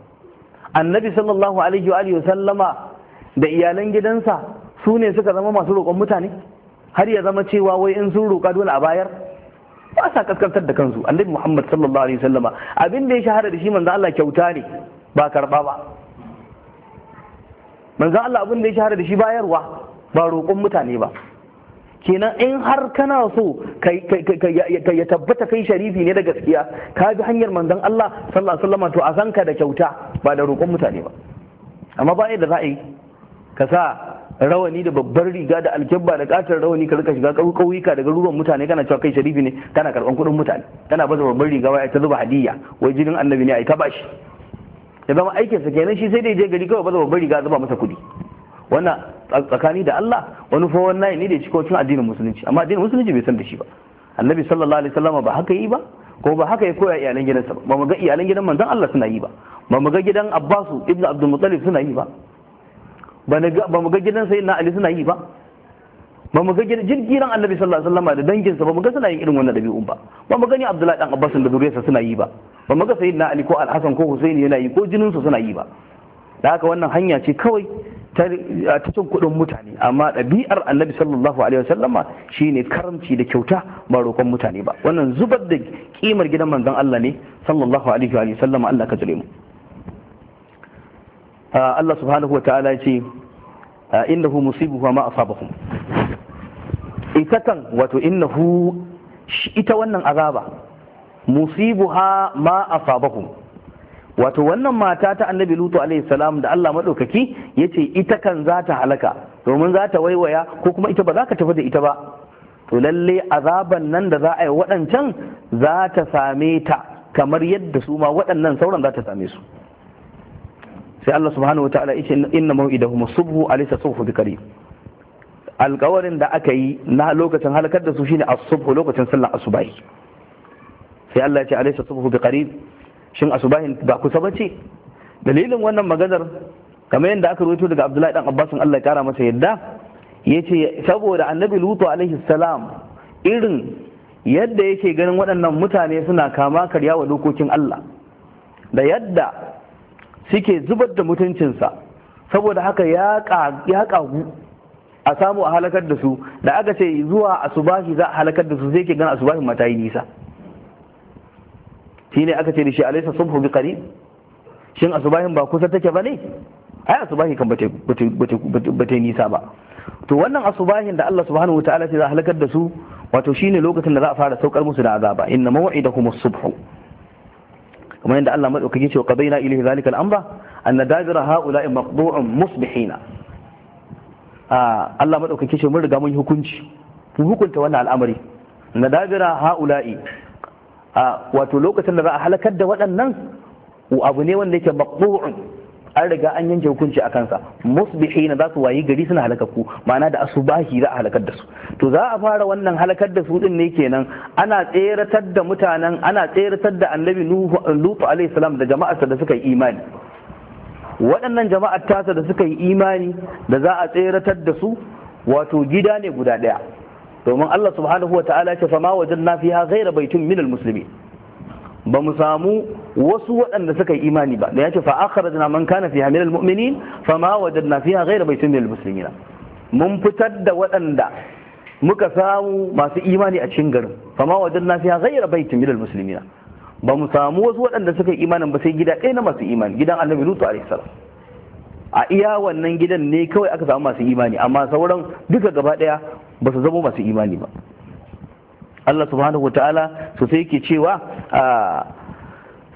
S1: annabi sallallahu alaihi wa alihi sallama da iyalan gidansa su ne suka zama masu roƙon mutane har ya zama cewa wai in sun roƙa dole a bayar ba sa kaskantar da kansu annabi muhammad sallallahu alaihi sallama abin da ya shahara da shi manzo Allah kyauta ne ba karɓa ba manzo Allah abin da ya shahara da shi bayarwa ba roƙon mutane ba kenan in har kana so ya tabbata kai sharifi ne da gaskiya ka bi hanyar manzon Allah sallallahu alaihi wasallam to a san da kyauta ba da roƙon mutane ba amma ba yadda za a yi ka sa rawani da babbar riga da alkyabba da katar rawani ka rika shiga ƙauyuka da garuruwan mutane kana cewa kai sharifi ne kana karɓan kuɗin mutane kana baza babbar riga wai ta zuba hadiyya wai jinin annabi ne ai ta bashi ya zama sa kenan shi sai dai je gari kawai ba zama bari ga zuba masa kuɗi wannan tsakani da Allah wani fa wannan ne da shi ko cin addinin musulunci amma addinin musulunci bai san da shi ba annabi sallallahu alaihi wasallam ba haka yi ba ko ba haka ya koya iyalan gidansa ba mu ga iyalan gidan manzon Allah suna yi ba ba mu ga gidan Abbasu ibnu Abdul Muttalib suna yi ba ba mu ga gidan sayyidina Ali suna yi ba ba mu ga jirgin ran annabi sallallahu alaihi wasallam da danginsa ba mu ga suna yin irin wannan dabi'un ba ba mu gani abdullahi dan abbas da zuriyarsa suna yi ba ba mu ga sayyidina ali ko al-hasan ko husaini yana yi ko jinin su suna yi ba da haka wannan hanya ce kawai ta cin kuɗin mutane amma ɗabi'ar annabi sallallahu alaihi wasallama shine karamci da kyauta ba roƙon mutane ba wannan zubar da kimar gidan manzon Allah ne sallallahu alaihi wa sallama Allah ka tsare mu ah, Allah subhanahu wa ta'ala ya ce ah, innahu musibuhu ma asabahum ita kan wato innahu ita wannan azaba musibuha ma asabakum wato wannan mata ta annabi lutu alaihi da Allah madaukaki yace ita kan za ta halaka domin za ta waiwaya ko kuma ita ba za ka tafi da ita ba to lalle azaban nan da za a yi waɗancan za ta same ta kamar yadda su ma waɗannan sauran za ta same su sai Allah subhanahu wa ta'ala yace inna mau'idahum subhu alaysa subhu biqarib alkawarin da aka yi na lokacin halakar da su shine as lokacin sallar asubahi sai Allah ya ce alaysa subhu biqarib shin asubahin ba kusa bace dalilin wannan maganar kamar yadda aka rawaito daga Abdullahi dan Abbas Allah ya kara masa yadda yace saboda Annabi Lutu alaihi salam irin yadda yake ganin waɗannan mutane suna kama karya wa dokokin Allah da yadda suke zubar da mutuncinsa saboda haka ya ƙagu. a samu a halakar da su da aka ce zuwa asubahi za a halakar da su sai ke gana asubahin mata yi nisa Shi ne aka ce da shi alaysa subhu bi qarib shin asubahin ba kusa take bane ai asubahi kan bata nisa ba to wannan asubahin da Allah subhanahu wataala ce za a halakar da su wato shine lokacin da za a fara saukar musu da azaba inna maw'idakum as-subhu kamar yadda Allah madaukaki ce wa qadaina ilayhi zalika al-amra anna dabira ha'ula'i maqdu'un musbihina Allah madaukake shi mun riga mun hukunci mun hukunta wannan al'amari na dabira haula'i wato lokacin da za a halakar da waɗannan abu ne wanda yake maqbu'un an riga an yanke hukunci a kansa musbihina za su wayi gari suna ku ma'ana da asubahi za a halakar da su to za a fara wannan halakar da su din ne kenan ana tseratar da mutanen ana tseratar da annabi nuhu alaihi salam da jama'arsa da suka yi imani waɗannan jama'ar tasa da suka yi imani da za a tseratar da su wato gida ne guda ɗaya domin Allah subhanahu wa ta'ala ce fama wajen na fiha ghaira baitun minal musulmi ba mu samu wasu waɗanda suka yi imani ba da ya ce fa akhrajna man kana fiha minal mu'minin fama wajen wajadna fiha ghaira baitin minal muslimin mun fitar da waɗanda muka samu masu imani a cikin garin fama wajen wajadna fiha ghaira baitin minal muslimin ba mu samu wasu waɗanda suka yi imanin ba sai gida ɗaya na masu imani gidan annabi lutu alaihi salam a iya wannan gidan ne kawai aka samu masu imani amma sauran duka gaba ɗaya ba su zama masu imani ba Allah subhanahu Ta'ala su sai ke cewa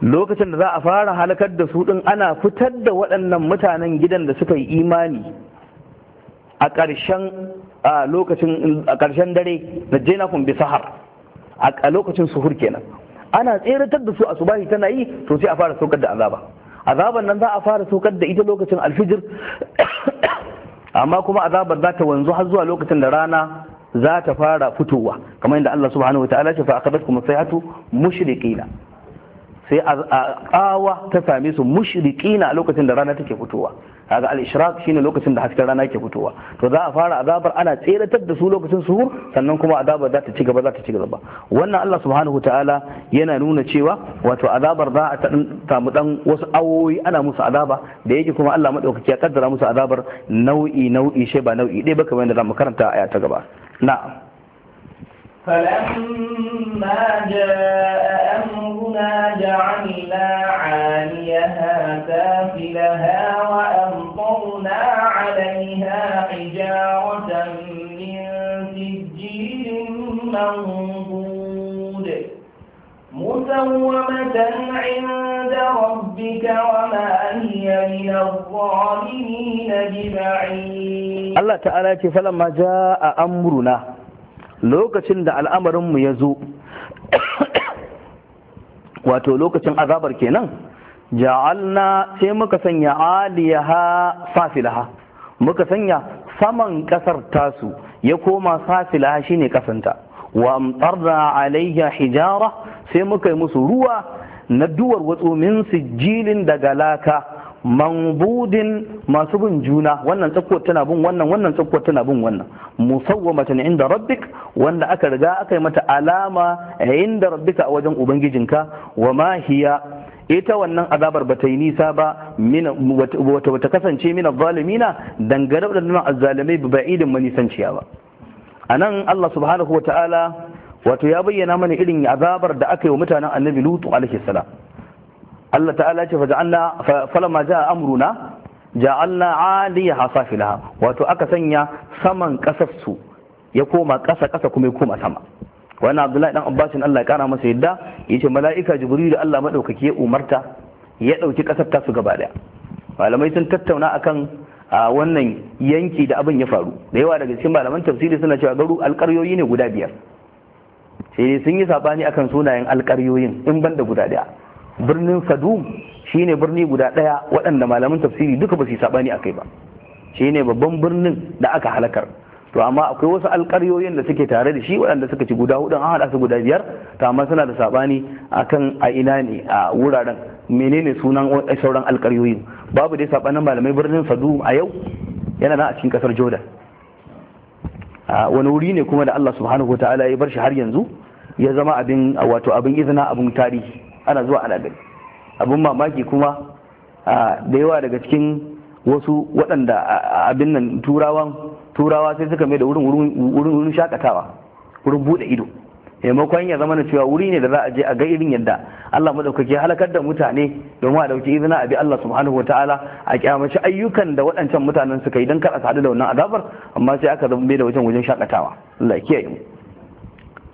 S1: lokacin da za a fara halakar da su ɗin ana fitar da waɗannan mutanen gidan da suka yi imani a ƙarshen lokacin a ƙarshen dare na bi sahar a lokacin suhur kenan ana tseratar da su asubahi tana yi to sai a fara saukar da azaba azaban nan za a fara saukar da ita lokacin alfijir <coughs> amma kuma azabar za ta wanzu har zuwa lokacin da rana za ta fara fitowa kamar yadda Allah subhanahu wa ta'ala ce fa mu sayhatu mushriqina sai a kawa ta same su mushrikina na lokacin da rana take fitowa kaga al-ishraq shine lokacin da hasken rana ke fitowa to za a fara azabar ana tseratar da su lokacin suhur sannan kuma azabar za ta ci gaba za ta ci gaba wannan Allah subhanahu ta'ala yana nuna cewa wato azabar za a samu dan wasu awoyi ana musu azaba da yake kuma Allah madaukaki ya kaddara musu azabar nau'i nau'i shi ba nau'i dai ba kamar yadda zamu karanta a ta gaba
S2: na'am فلما جاء أمرنا جعلنا عاليها سافلها وأمطرنا عليها حجارة من سجيل منضود مسومة عند ربك وما هي من الظالمين ببعيد
S1: الله تعالى فلما جاء أمرنا lokacin da al'amarinmu ya zo wato lokacin azabar kenan ja'alna sai muka sanya aliyaha safilaha muka sanya saman kasar tasu ya koma safilaha shine kasanta wa amtarna alayya hijara sai muka yi musu ruwa na duwar watsu min sijilin daga laka manbudin masu bin juna wannan tsakuwar tana bin wannan wannan tsakuwar tana bin wannan Musawwa mata ne inda rabbik wanda aka riga aka yi mata alama inda rabbika a wajen ubangijinka wa ma hiya ita wannan azabar ba ta yi nisa ba wata kasance mina zalimina dangane da nuna azalimai ba idin manisanciya ba a nan Allah subhanahu wa ta'ala wato ya bayyana mana irin azabar da aka yi wa mutanen annabi lutu alaihi salam Allah ta'ala ce faja'alna falamma ja'a amruna ja'alna 'aliyaha safilaha wato aka sanya saman kasar su ya koma kasa kasa kuma ya koma sama wannan Abdullahi dan Abbasin Allah ya kara masa yadda yace mala'ika Jibril da Allah madaukake ya umarta ya dauki kasar ta su gaba daya malamai sun tattauna akan a wannan yanki da abin ya faru da yawa daga cikin malaman tafsiri suna cewa garu alƙaryoyi ne guda biyar sai sun yi sabani akan sunayen alƙaryoyin in banda guda daya birnin sadum shine birni guda daya waɗanda malaman tafsiri duka ba su yi saɓani a kai ba shine babban birnin da aka halakar to amma akwai wasu alƙaryoyin da suke tare da shi waɗanda suka ci guda hudun an haɗa su guda biyar to amma suna da sabani akan a ina ne a wuraren menene sunan eh, sauran alƙaryoyin babu dai sabanin malamai birnin sadu a yau yana nan a cikin kasar jordan wani wuri ne kuma da allah subhanahu wa ta'ala ya bar shi har yanzu ya zama abin wato abin izina abin tarihi ana zuwa ana gani abin mamaki kuma da yawa daga cikin wasu waɗanda abin nan turawa sai suka mai da wurin wurin shakatawa wurin bude ido maimakon ya zama na cewa wuri ne da za a je a ga irin yadda Allah madaukaki halakar da mutane domin a dauki izina a bi Allah subhanahu wataala a kyamaci ayyukan da waɗancan mutanen suka yi don kar a sadu da wannan azabar amma sai aka zama da wajen wajen shakatawa Allah mu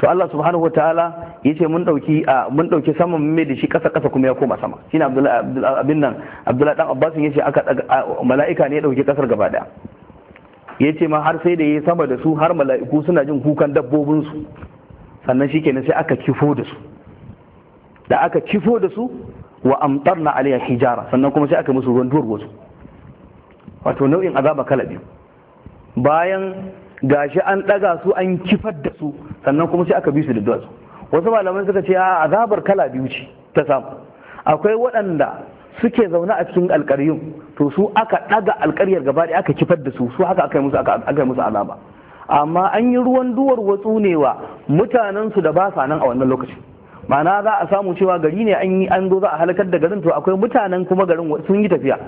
S1: to Allah subhanahu wataala yace mun dauki mun dauki sama mun mai da shi kasa kasa kuma ya koma sama shine Abdullahi abin nan Abdullahi dan Abbas yace aka mala'ika ne ya dauki kasar gaba daya yace ma har sai da yayi sama da su har mala'iku suna jin kukan dabbobin su sannan shikenan sai aka kifo da su da aka kifo da su wa amtarna alaiha hijara sannan kuma sai aka musu ruwan duwar wasu wato nau'in azaba kala biyu bayan gashi an ɗaga su an kifar da su sannan kuma sai aka bi su da duwatsu wasu malaman suka ce a azabar kala biyu ce ta samu akwai waɗanda suke zaune a cikin alƙaryun to su aka ɗaga alƙaryar gaba ɗaya aka kifar da su su haka aka yi musu aka yi musu azaba amma an yi ruwan duwar watsu ne wa mutanen su da ba sa nan a wannan lokacin ma'ana za a samu cewa gari ne an yi an zo za a halakar da garin to akwai mutanen kuma garin sun yi tafiya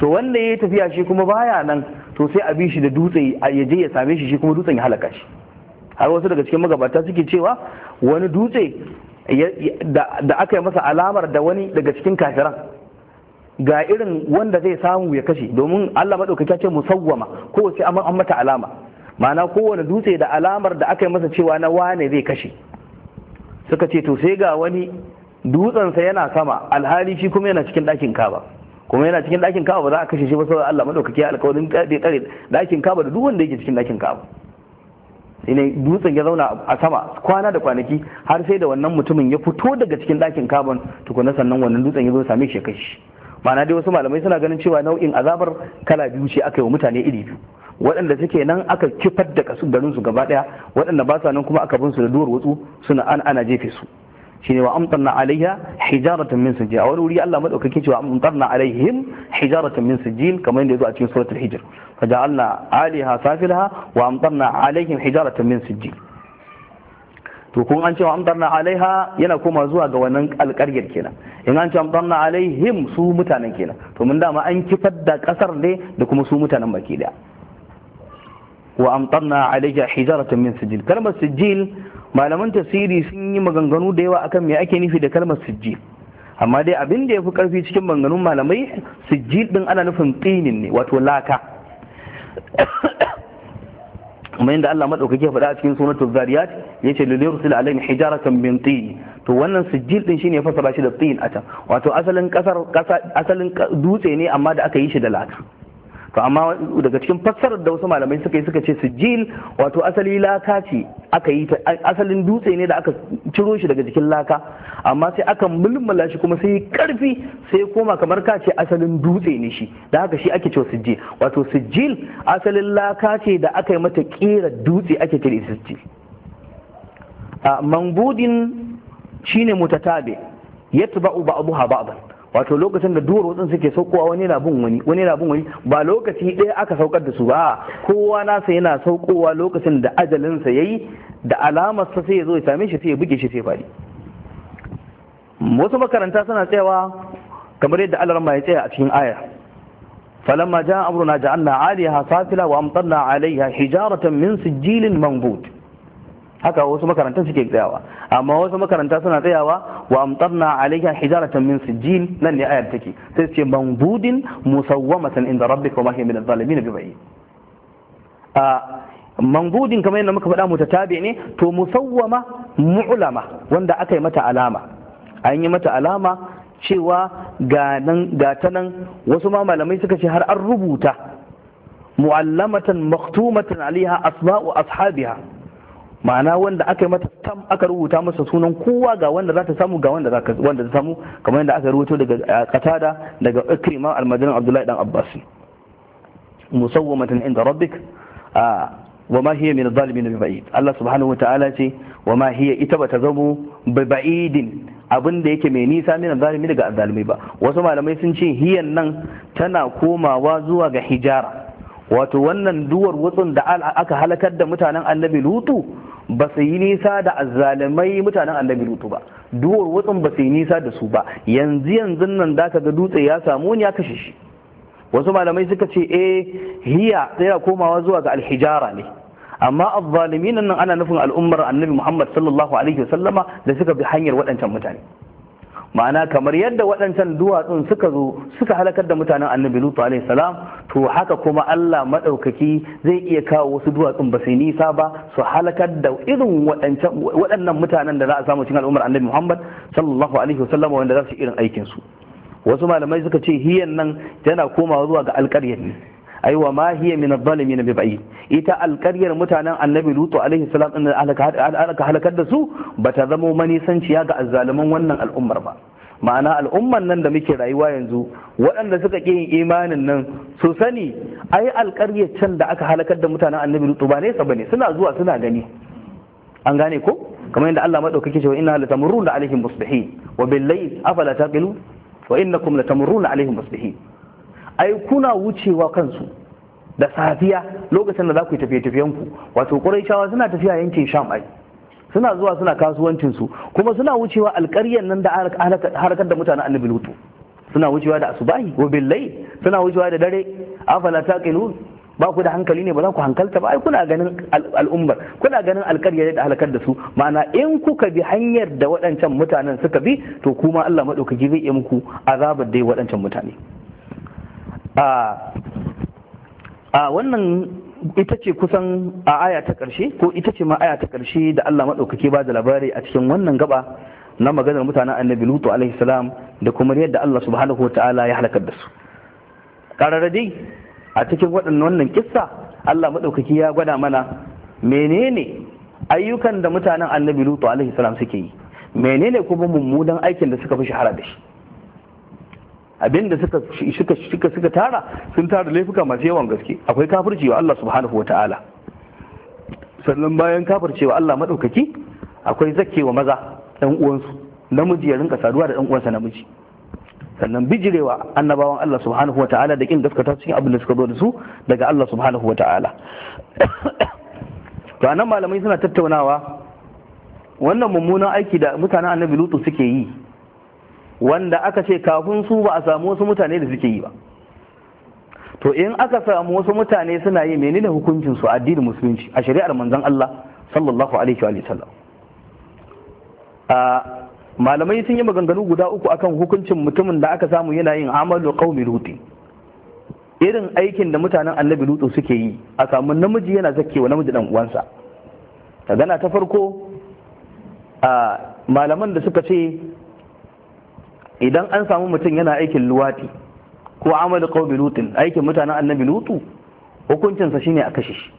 S1: to wanda ya yi tafiya shi kuma baya nan to sai a bi shi da dutse a yaje ya same shi shi kuma dutsen ya halaka shi har wasu daga cikin magabata suke cewa wani dutse da aka yi masa alamar da wani daga cikin kafiran ga irin wanda zai samu ya kashe domin Allah ya ce musawwama ko sai an mata alama ma'ana kowane dutse da alamar da aka yi masa cewa na wane zai kashe suka ce to sai ga wani dutsensa yana sama alhali shi kuma yana cikin ɗakin kaba kuma yana cikin ɗakin kaba ba za a kashe shi ba saboda Allah madaukaki ya alƙawarin da tsare ɗakin kaba da duk wanda yake cikin ɗakin kaba ne dutsen ya zauna a sama kwana da kwanaki har sai da wannan mutumin ya fito daga cikin ɗakin kaban tukuna sannan wannan dutsen ya zo same shi ya kashe ma'ana dai wasu malamai suna ganin cewa nau'in azabar kala biyu ce aka yi wa mutane iri biyu waɗanda suke nan aka kifar da kasu garin su gaba ɗaya waɗanda ba sa nan kuma aka bin su da duwar wutsu suna ana jefe su shine wa amtarna alaiha hijaratan min sijil a wani wuri Allah madaukake cewa amtarna alaihim hijaratan min sijil kamar yadda yazo a cikin suratul hijr faja'alna aliha safilha wa amtarna alaihim hijaratan min sijil to kun an ce amtarna alaiha yana koma zuwa ga wannan alƙaryar kenan in an ce amtarna alaihim su mutanen kenan to mun dama an kifar da kasar ne da kuma su mutanen baki daya wa amtarna alaiha hijaratan min sijil kalmar sijil malaman tasiri sun yi maganganu da yawa akan me ake nufi da kalmar sijji amma dai abin da ya fi karfi cikin maganganun malamai sijji din ana nufin tsinin ne wato laka kuma yadda Allah madaukake faɗa a cikin sunatul zariyat yace lil yursil alaihim hijaratan min tin to wannan ɗin din shine ya fasara shi da tin a can wato asalin asalin dutse ne amma da aka yi shi da laka to amma daga cikin fassarar da wasu malamai suka yi suka ce sijil wato asali laka ce aka yi asalin dutse ne da aka ciro shi daga jikin laka amma sai aka mulmula shi kuma sai karfi sai koma kamar ka ce asalin dutse ne shi da haka shi ake cewa sijil wato sijil asalin laka ce da aka yi mata kera dutse ake kira sijil a mambudin shine mutatabe yatba'u haba ba'dan wato lokacin da duwar wasan suke saukowa wani na bin wani wani na bin wani ba lokaci ɗaya aka saukar da su ba kowa nasa yana saukowa lokacin da ajalinsa yayi da alamarsa sai ya zo ya same shi sai ya buge shi sai fari. wasu makaranta suna tsayawa kamar yadda Allah ya tsaya a cikin aya falamma ja'a amruna ja'alna 'aliyaha safila wa amtarna 'alayha hijaratan min sijilin manbud haka wasu makarantar suke tsayawa amma wasu makaranta suna tsayawa wa amtarna alaiha hijaratan min sijjin nan ne ayar take sai ce manbudin musawwamatan inda rabbika wa ma hiya min adh-dhalimin bi a manbudin kamar yadda muka faɗa mutatabi ne to musawwama mu'lama wanda aka yi mata alama an yi mata alama cewa ga ta nan wasu ma malamai suka ce har an rubuta mu'allamatan maktumatan alaiha asma'u ashabiha ma'ana wanda aka yi mata tam aka rubuta masa sunan kowa ga wanda za ta samu ga wanda wanda ta samu kamar yadda aka rubuto daga qatada daga ikrima almajirin abdullahi dan abbas musawwamatan inda rabbik wa ma hiya min adh-dhalimin ba'id Allah subhanahu wa ta'ala ce wa ma hiya ita bata zamo ba'idin abin da yake mai nisa min adh-dhalimin daga adh ba wasu malamai sun ce hiyan nan tana komawa zuwa ga hijara wato wannan duwar wutsun da aka halakar da mutanen annabi lutu ba su yi nisa da azzalimai mutanen annabi lutu ba duwar wutsin ba su yi nisa da su ba yanzu yanzu nan da ka ga dutse ya samu ni ya kashe shi wasu malamai suka ce eh hiya yana komawa zuwa ga alhijara ne amma azzalimin nan ana nufin al'ummar annabi muhammad sallallahu alaihi wasallama da suka bi hanyar waɗancan mutane ma'ana kamar yadda waɗancan duwatsun suka zo suka halakar da mutanen annabi lutu alaihi salam to haka kuma Allah maɗaukaki zai iya kawo wasu duwatsun ba sai nisa ba su halakar da irin waɗannan mutanen da za a samu cikin al'ummar annabi Muhammad sallallahu alaihi wasallam wanda za su irin aikin su wasu malamai suka ce hiyan nan yana komawa zuwa ga alƙaryar ne ai wa ma hiya min adh-dhalimin bi ba'id ita alƙaryar mutanen annabi lutu alaihi salam din alaka halakar da su bata zamo sanciya ga azzaluman wannan al'ummar ba ma'ana al'umman nan da muke rayuwa yanzu waɗanda suka ƙi yin imanin nan su sani ai alƙaryar can da aka halakar da mutanen annabi lutu ba nesa bane suna zuwa suna gani an gane ko kamar yadda Allah madaukake cewa inna la tamurruna alaihim musbihin wa bil layl afala taqilu wa innakum la tamurruna alaihim musbihin ai kuna wucewa kansu da safiya lokacin da za ku yi tafiye-tafiyenku wato ƙuraishawa suna tafiya yankin sham ai suna zuwa suna kasuwancinsu kuma suna wucewa alƙaryar nan da harkar da mutanen annabi lutu suna wucewa da asubahi wa billai suna wucewa da dare afala taqilun ba ku da hankali ne ba za ku hankalta ba ai kuna ganin al'ummar kuna ganin alƙarya da halakar da su ma'ana in kuka bi hanyar da waɗancan mutanen suka bi to kuma Allah madaukaki zai yi muku azabar dai waɗancan mutane a wannan ita ce kusan a aya ta ƙarshe ko ita ce ma aya ta ƙarshe da Allah maɗaukaki ba da labari a cikin wannan gaba na maganar mutanen annabi lutu alaihi salam da kuma yadda Allah subhanahu wa ta'ala ya halakar da su ƙararra dai a cikin waɗannan wannan kissa Allah maɗaukaki ya gwada mana menene ayyukan da mutanen annabi lutu alaihi salam suke yi menene kuma mummunan aikin da suka fi shahara da shi abinda suka suka suka tara sun tara laifuka masu yawan gaske akwai kafirci wa Allah subhanahu wataala sannan bayan kafirce wa Allah madaukaki akwai zakewa maza ɗan uwansu namiji ya rinka saduwa da ɗan uwansa namiji sannan bijirewa annabawan Allah subhanahu wa ta'ala da kin gaskata cikin abin da suka zo da su daga Allah subhanahu wa ta'ala <coughs> to anan malamai suna tattaunawa wannan mummunan aiki da mutanen annabi lutu suke yi wanda aka ce kafin su ba a samu wasu mutane da suke yi ba to in aka samu wasu mutane suna yi menene hukuncin su addinin musulunci a shari'ar manzan Allah sallallahu alaihi wa sallam a malamai sun yi maganganu guda uku akan hukuncin mutumin da aka samu yana yin amalu qaumi luti irin aikin da mutanen annabi lutu suke yi a samu namiji yana wa namiji dan uwansa ta gana ta farko a malaman da suka ce idan an samu mutum yana aikin luwati ko amalu qawmi lutin aikin mutanen annabi lutu hukuncinsa shine a kashe shi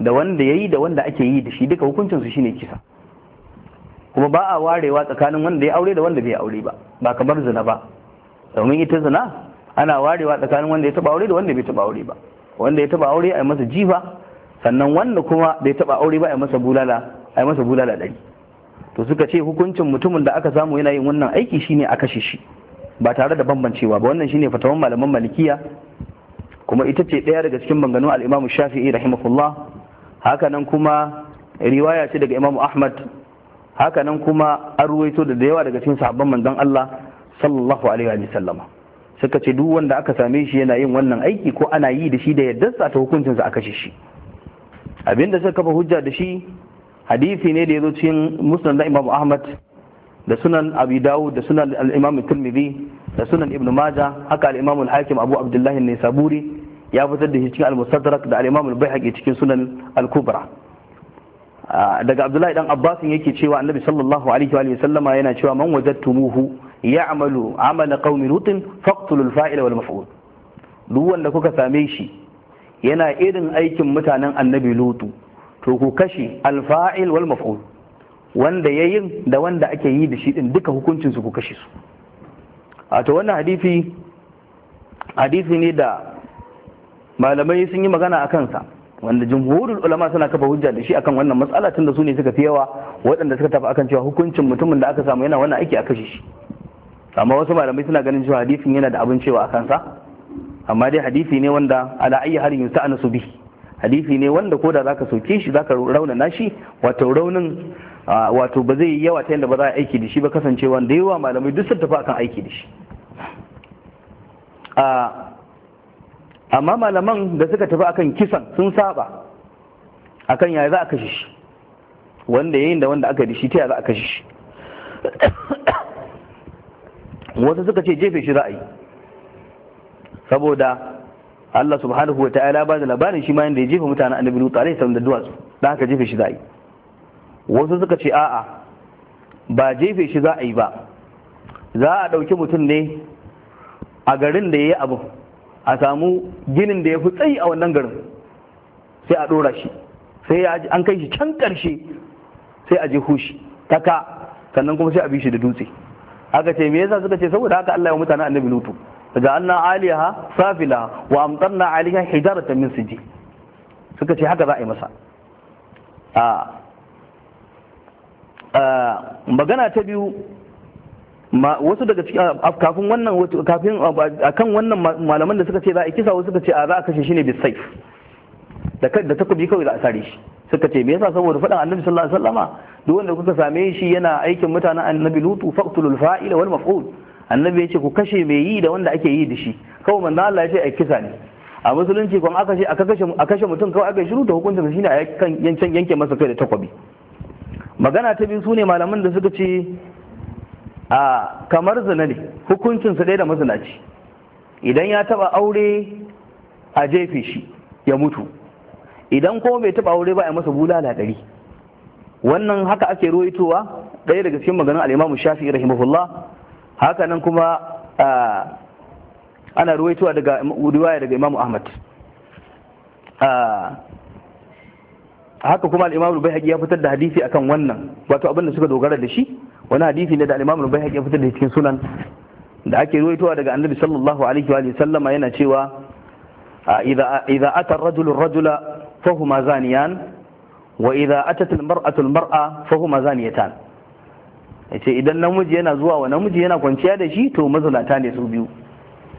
S1: da wanda ya yi da wanda ake yi da shi duka hukuncinsu shine kisa kuma ba a warewa tsakanin wanda ya aure da wanda bai aure ba ba kamar zina ba domin ita zina ana warewa tsakanin wanda ya taba aure da wanda bai taba aure ba wanda ya taba aure a masa jifa sannan wanda kuma bai taba aure ba a masa bulala a masa bulala dari to suka ce hukuncin mutumin da aka samu yana yin wannan aiki shine a kashe shi ba tare da bambancewa ba wannan shine fatawan malaman malikiya kuma ita ce ɗaya daga cikin banganu al Shafi'i rahimahullah hakanan kuma riwaya ce daga Imam Ahmad hakanan kuma an ruwaito da yawa daga cikin sahabban manzon Allah sallallahu alaihi wa suka ce duk wanda aka same shi yana yin wannan aiki ko ana yi da shi da yaddarsa ta hukuncinsa a kashe shi abinda suka kafa hujja da shi hadisi ne da ya zo cikin musnad na imam ahmad da sunan abi dawud da sunan al-imam da sunan ibn majah haka al-imam al-hakim abu abdullahi an-nisaburi ya fitar da shi cikin al-mustadrak da al-imam al-baihaqi cikin sunan al-kubra daga abdullahi dan abbas yake cewa annabi sallallahu alaihi wa sallama yana cewa man wajadtumuhu ya'malu amala qaumi lutin faqtulul fa'ila wal maf'ul duk wanda kuka same shi yana irin aikin mutanen annabi lutu to ku kashe alfa'il wal maf'ul wanda yayin da wanda ake yi da shi din duka hukuncin su ku kashe su a to wannan hadisi hadisi ne da malamai sun yi magana a kansa wanda jumhurul ulama suna kafa hujja da shi akan wannan matsala tun da su ne suka fi yawa waɗanda suka tafi akan cewa hukuncin mutumin da aka samu yana wannan aiki a kashe shi amma wasu malamai suna ganin cewa hadisin yana da abin cewa a kansa amma dai hadisi ne wanda ala ayyi harin yusta'anu bihi hadisi ne wanda ko da zaka soke shi zaka rauna shi wato raunin wato ba zai yi yawa ta yadda ba za a aiki da shi ba kasancewa da yawa malamai duk sun tafi akan aiki da shi amma malaman da suka tafi akan kisan sun saba akan yaya za a kashe shi wanda yayin da wanda aka dishi ta yaya za a kashe shi wasu suka ce jefe shi za a yi saboda Allah subhanahu wa ta'ala ba da labarin shi ma yanda ya jefa mutanen annabi Lut alaihi salam da duwatsu da haka jefe shi za yi wasu suka ce a'a ba jefe shi za a yi ba za a ɗauki mutum ne a garin da ya yi abu a samu ginin da ya fi tsayi a wannan garin sai a ɗora shi sai an kai shi can ƙarshe sai a je hushi taka sannan kuma sai a bi shi da dutse aka ce me yasa suka ce saboda haka Allah ya mutanen annabi lutu ja'alna aliyaha safila wa amtarna aliha hijaratan min sijil suka ce haka za a yi masa magana ta biyu wasu daga cikin kafin wannan kafin akan wannan malaman da suka ce za a kisa wasu suka ce a za a kashe shi ne bisaif da takobi kawai za a sare shi suka ce me yasa saboda fadan annabi sallallahu alaihi wasallama duk wanda kuka same shi yana aikin mutanen annabi lutu faqtulul fa'ila wal maf'ul annabi ya ce ku kashe mai yi da wanda ake yi da shi kawai manzo Allah ya ce a kisa ne a musulunci kun aka ce kashe a kashe mutum kawai aka shiru ta hukuncin shine a kan yanke masa kai da takwabi magana ta biyu sune malaman da suka ce a kamar zina ne hukuncin su da mazinaci idan ya taba aure a jefe shi ya mutu idan kuma bai taba aure ba a masa bulala ɗari wannan haka ake ruwaitowa ɗaya daga cikin maganar al-Imam Shafi'i rahimahullah hakanan kuma ana ruwaitowa daga riwaya daga imamu ahmad haka kuma al'imamu bai ya fitar da hadisi akan wannan wato abin da suka dogara da shi wani hadisi ne da al'imamu bai ya fitar da cikin sunan da ake ruwaitowa daga annabi sallallahu alaihi wa sallama yana cewa idza ata ar-rajulu ar-rajula fa huma zaniyan wa idza atat al-mar'atu al-mar'a fa huma zaniyatan ce idan namiji yana zuwa wa namiji yana kwanciya da shi to mazinata ne su biyu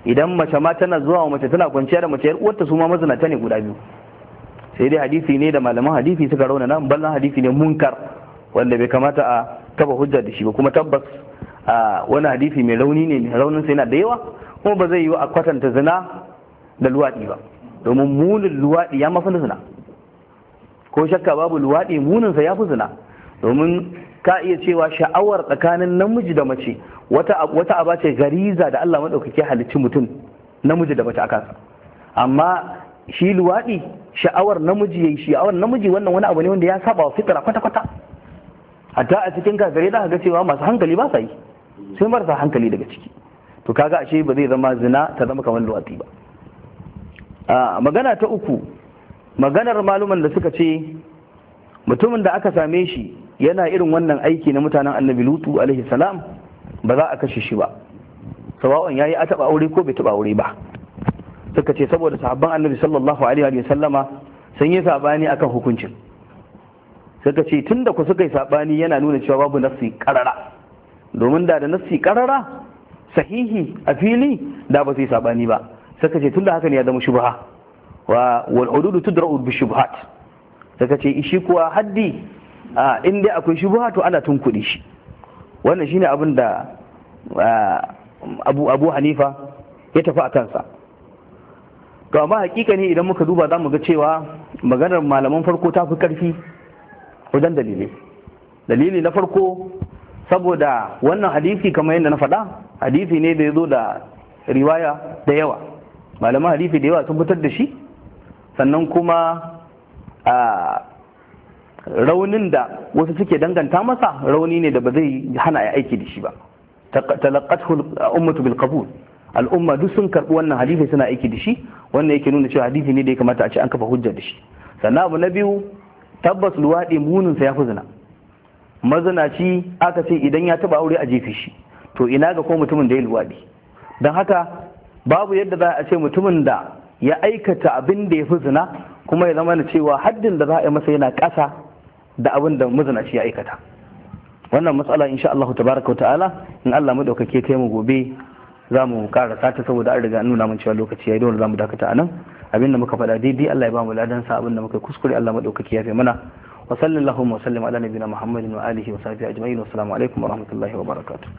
S1: idan mace ma tana zuwa wa mace tana kwanciya da mace uwarta su ma mazinata ne guda biyu sai dai hadisi ne da malaman hadisi suka rauna nan ballan hadisi ne munkar wanda bai kamata a taba hujja da shi ba kuma tabbas a wani hadisi mai rauni ne raunin sai yana da yawa kuma ba zai yi a kwatanta zina da luwaɗi ba domin munin luwaɗi ya mafi zina ko shakka babu luwaɗi muninsa ya fi zina domin ka iya cewa sha'awar tsakanin namiji da mace wata aba ce gariza da Allah maɗaukaki halicci mutum namiji da mace a kansa amma shi luwaɗi sha'awar namiji sha'awar namiji wannan wani abu ne wanda ya saba wa fitra kwata kwata hatta a cikin kafirai za ga cewa masu hankali ba sa yi sai marasa hankali daga ciki to kaga ashe ba zai zama zina ta zama kamar luwaɗi ba magana ta uku maganar maluman da suka ce mutumin da aka same shi yana irin wannan aiki na mutanen annabi lutu alaihi salam ba za a kashe shi ba sawa'un yayi a taba aure ko bai taba aure ba suka ce saboda sahabban annabi sallallahu alaihi wa sallama sun yi sabani akan hukuncin suka ce tunda ku suka yi sabani yana nuna cewa babu nafsi karara domin da da nafsi karara sahihi a fili da ba su yi sabani ba suka ce tunda haka ne ya zama shubha wa wal hududu tudra'u bi shubhat suka ce ishi kuwa haddi a in dai akwai shi to ana tun shi wannan shine abin da abu abu hanifa ya tafi a kansa to amma hakika ne idan muka duba za mu ga cewa maganar malaman farko ta fi ƙarfi wajen dalilai dalili na farko saboda wannan hadisi kamar yadda na faɗa hadisi ne da ya zo da riwaya da yawa malaman hadisi da yawa sun fitar da shi sannan kuma raunin da wasu suke danganta masa rauni ne da ba zai hana ya aiki da shi ba talaqathu ummatu bil qabul al'umma duk sun karbi wannan hadisi suna aiki da shi wannan yake nuna cewa hadisi ne da ya kamata a ce an kafa hujja da shi sannan abu na biyu tabbas luwaɗi munin ya fi zina mazinaci aka ce idan ya taba aure a jefe shi to ina ga ko mutumin da ya luwaɗi don haka babu yadda za a ce mutumin da ya aikata abin da ya fi zina kuma ya zama na cewa haddin da za a yi masa yana ƙasa da abin da mazinaci ya aikata wannan matsala insha Allah tabaraka wa ta'ala in Allah madaukake kai mu gobe za mu kara sata saboda an riga nuna mun cewa lokaci yayi dole za mu dakata anan da muka faɗa daidai Allah ya ba mu ladan sa da muka kuskure Allah madaukake ya fi mana wa sallallahu wa sallam ala nabiyina Muhammadin wa alihi wa sahbihi ajma'in wa assalamu alaikum wa rahmatullahi wa barakatuh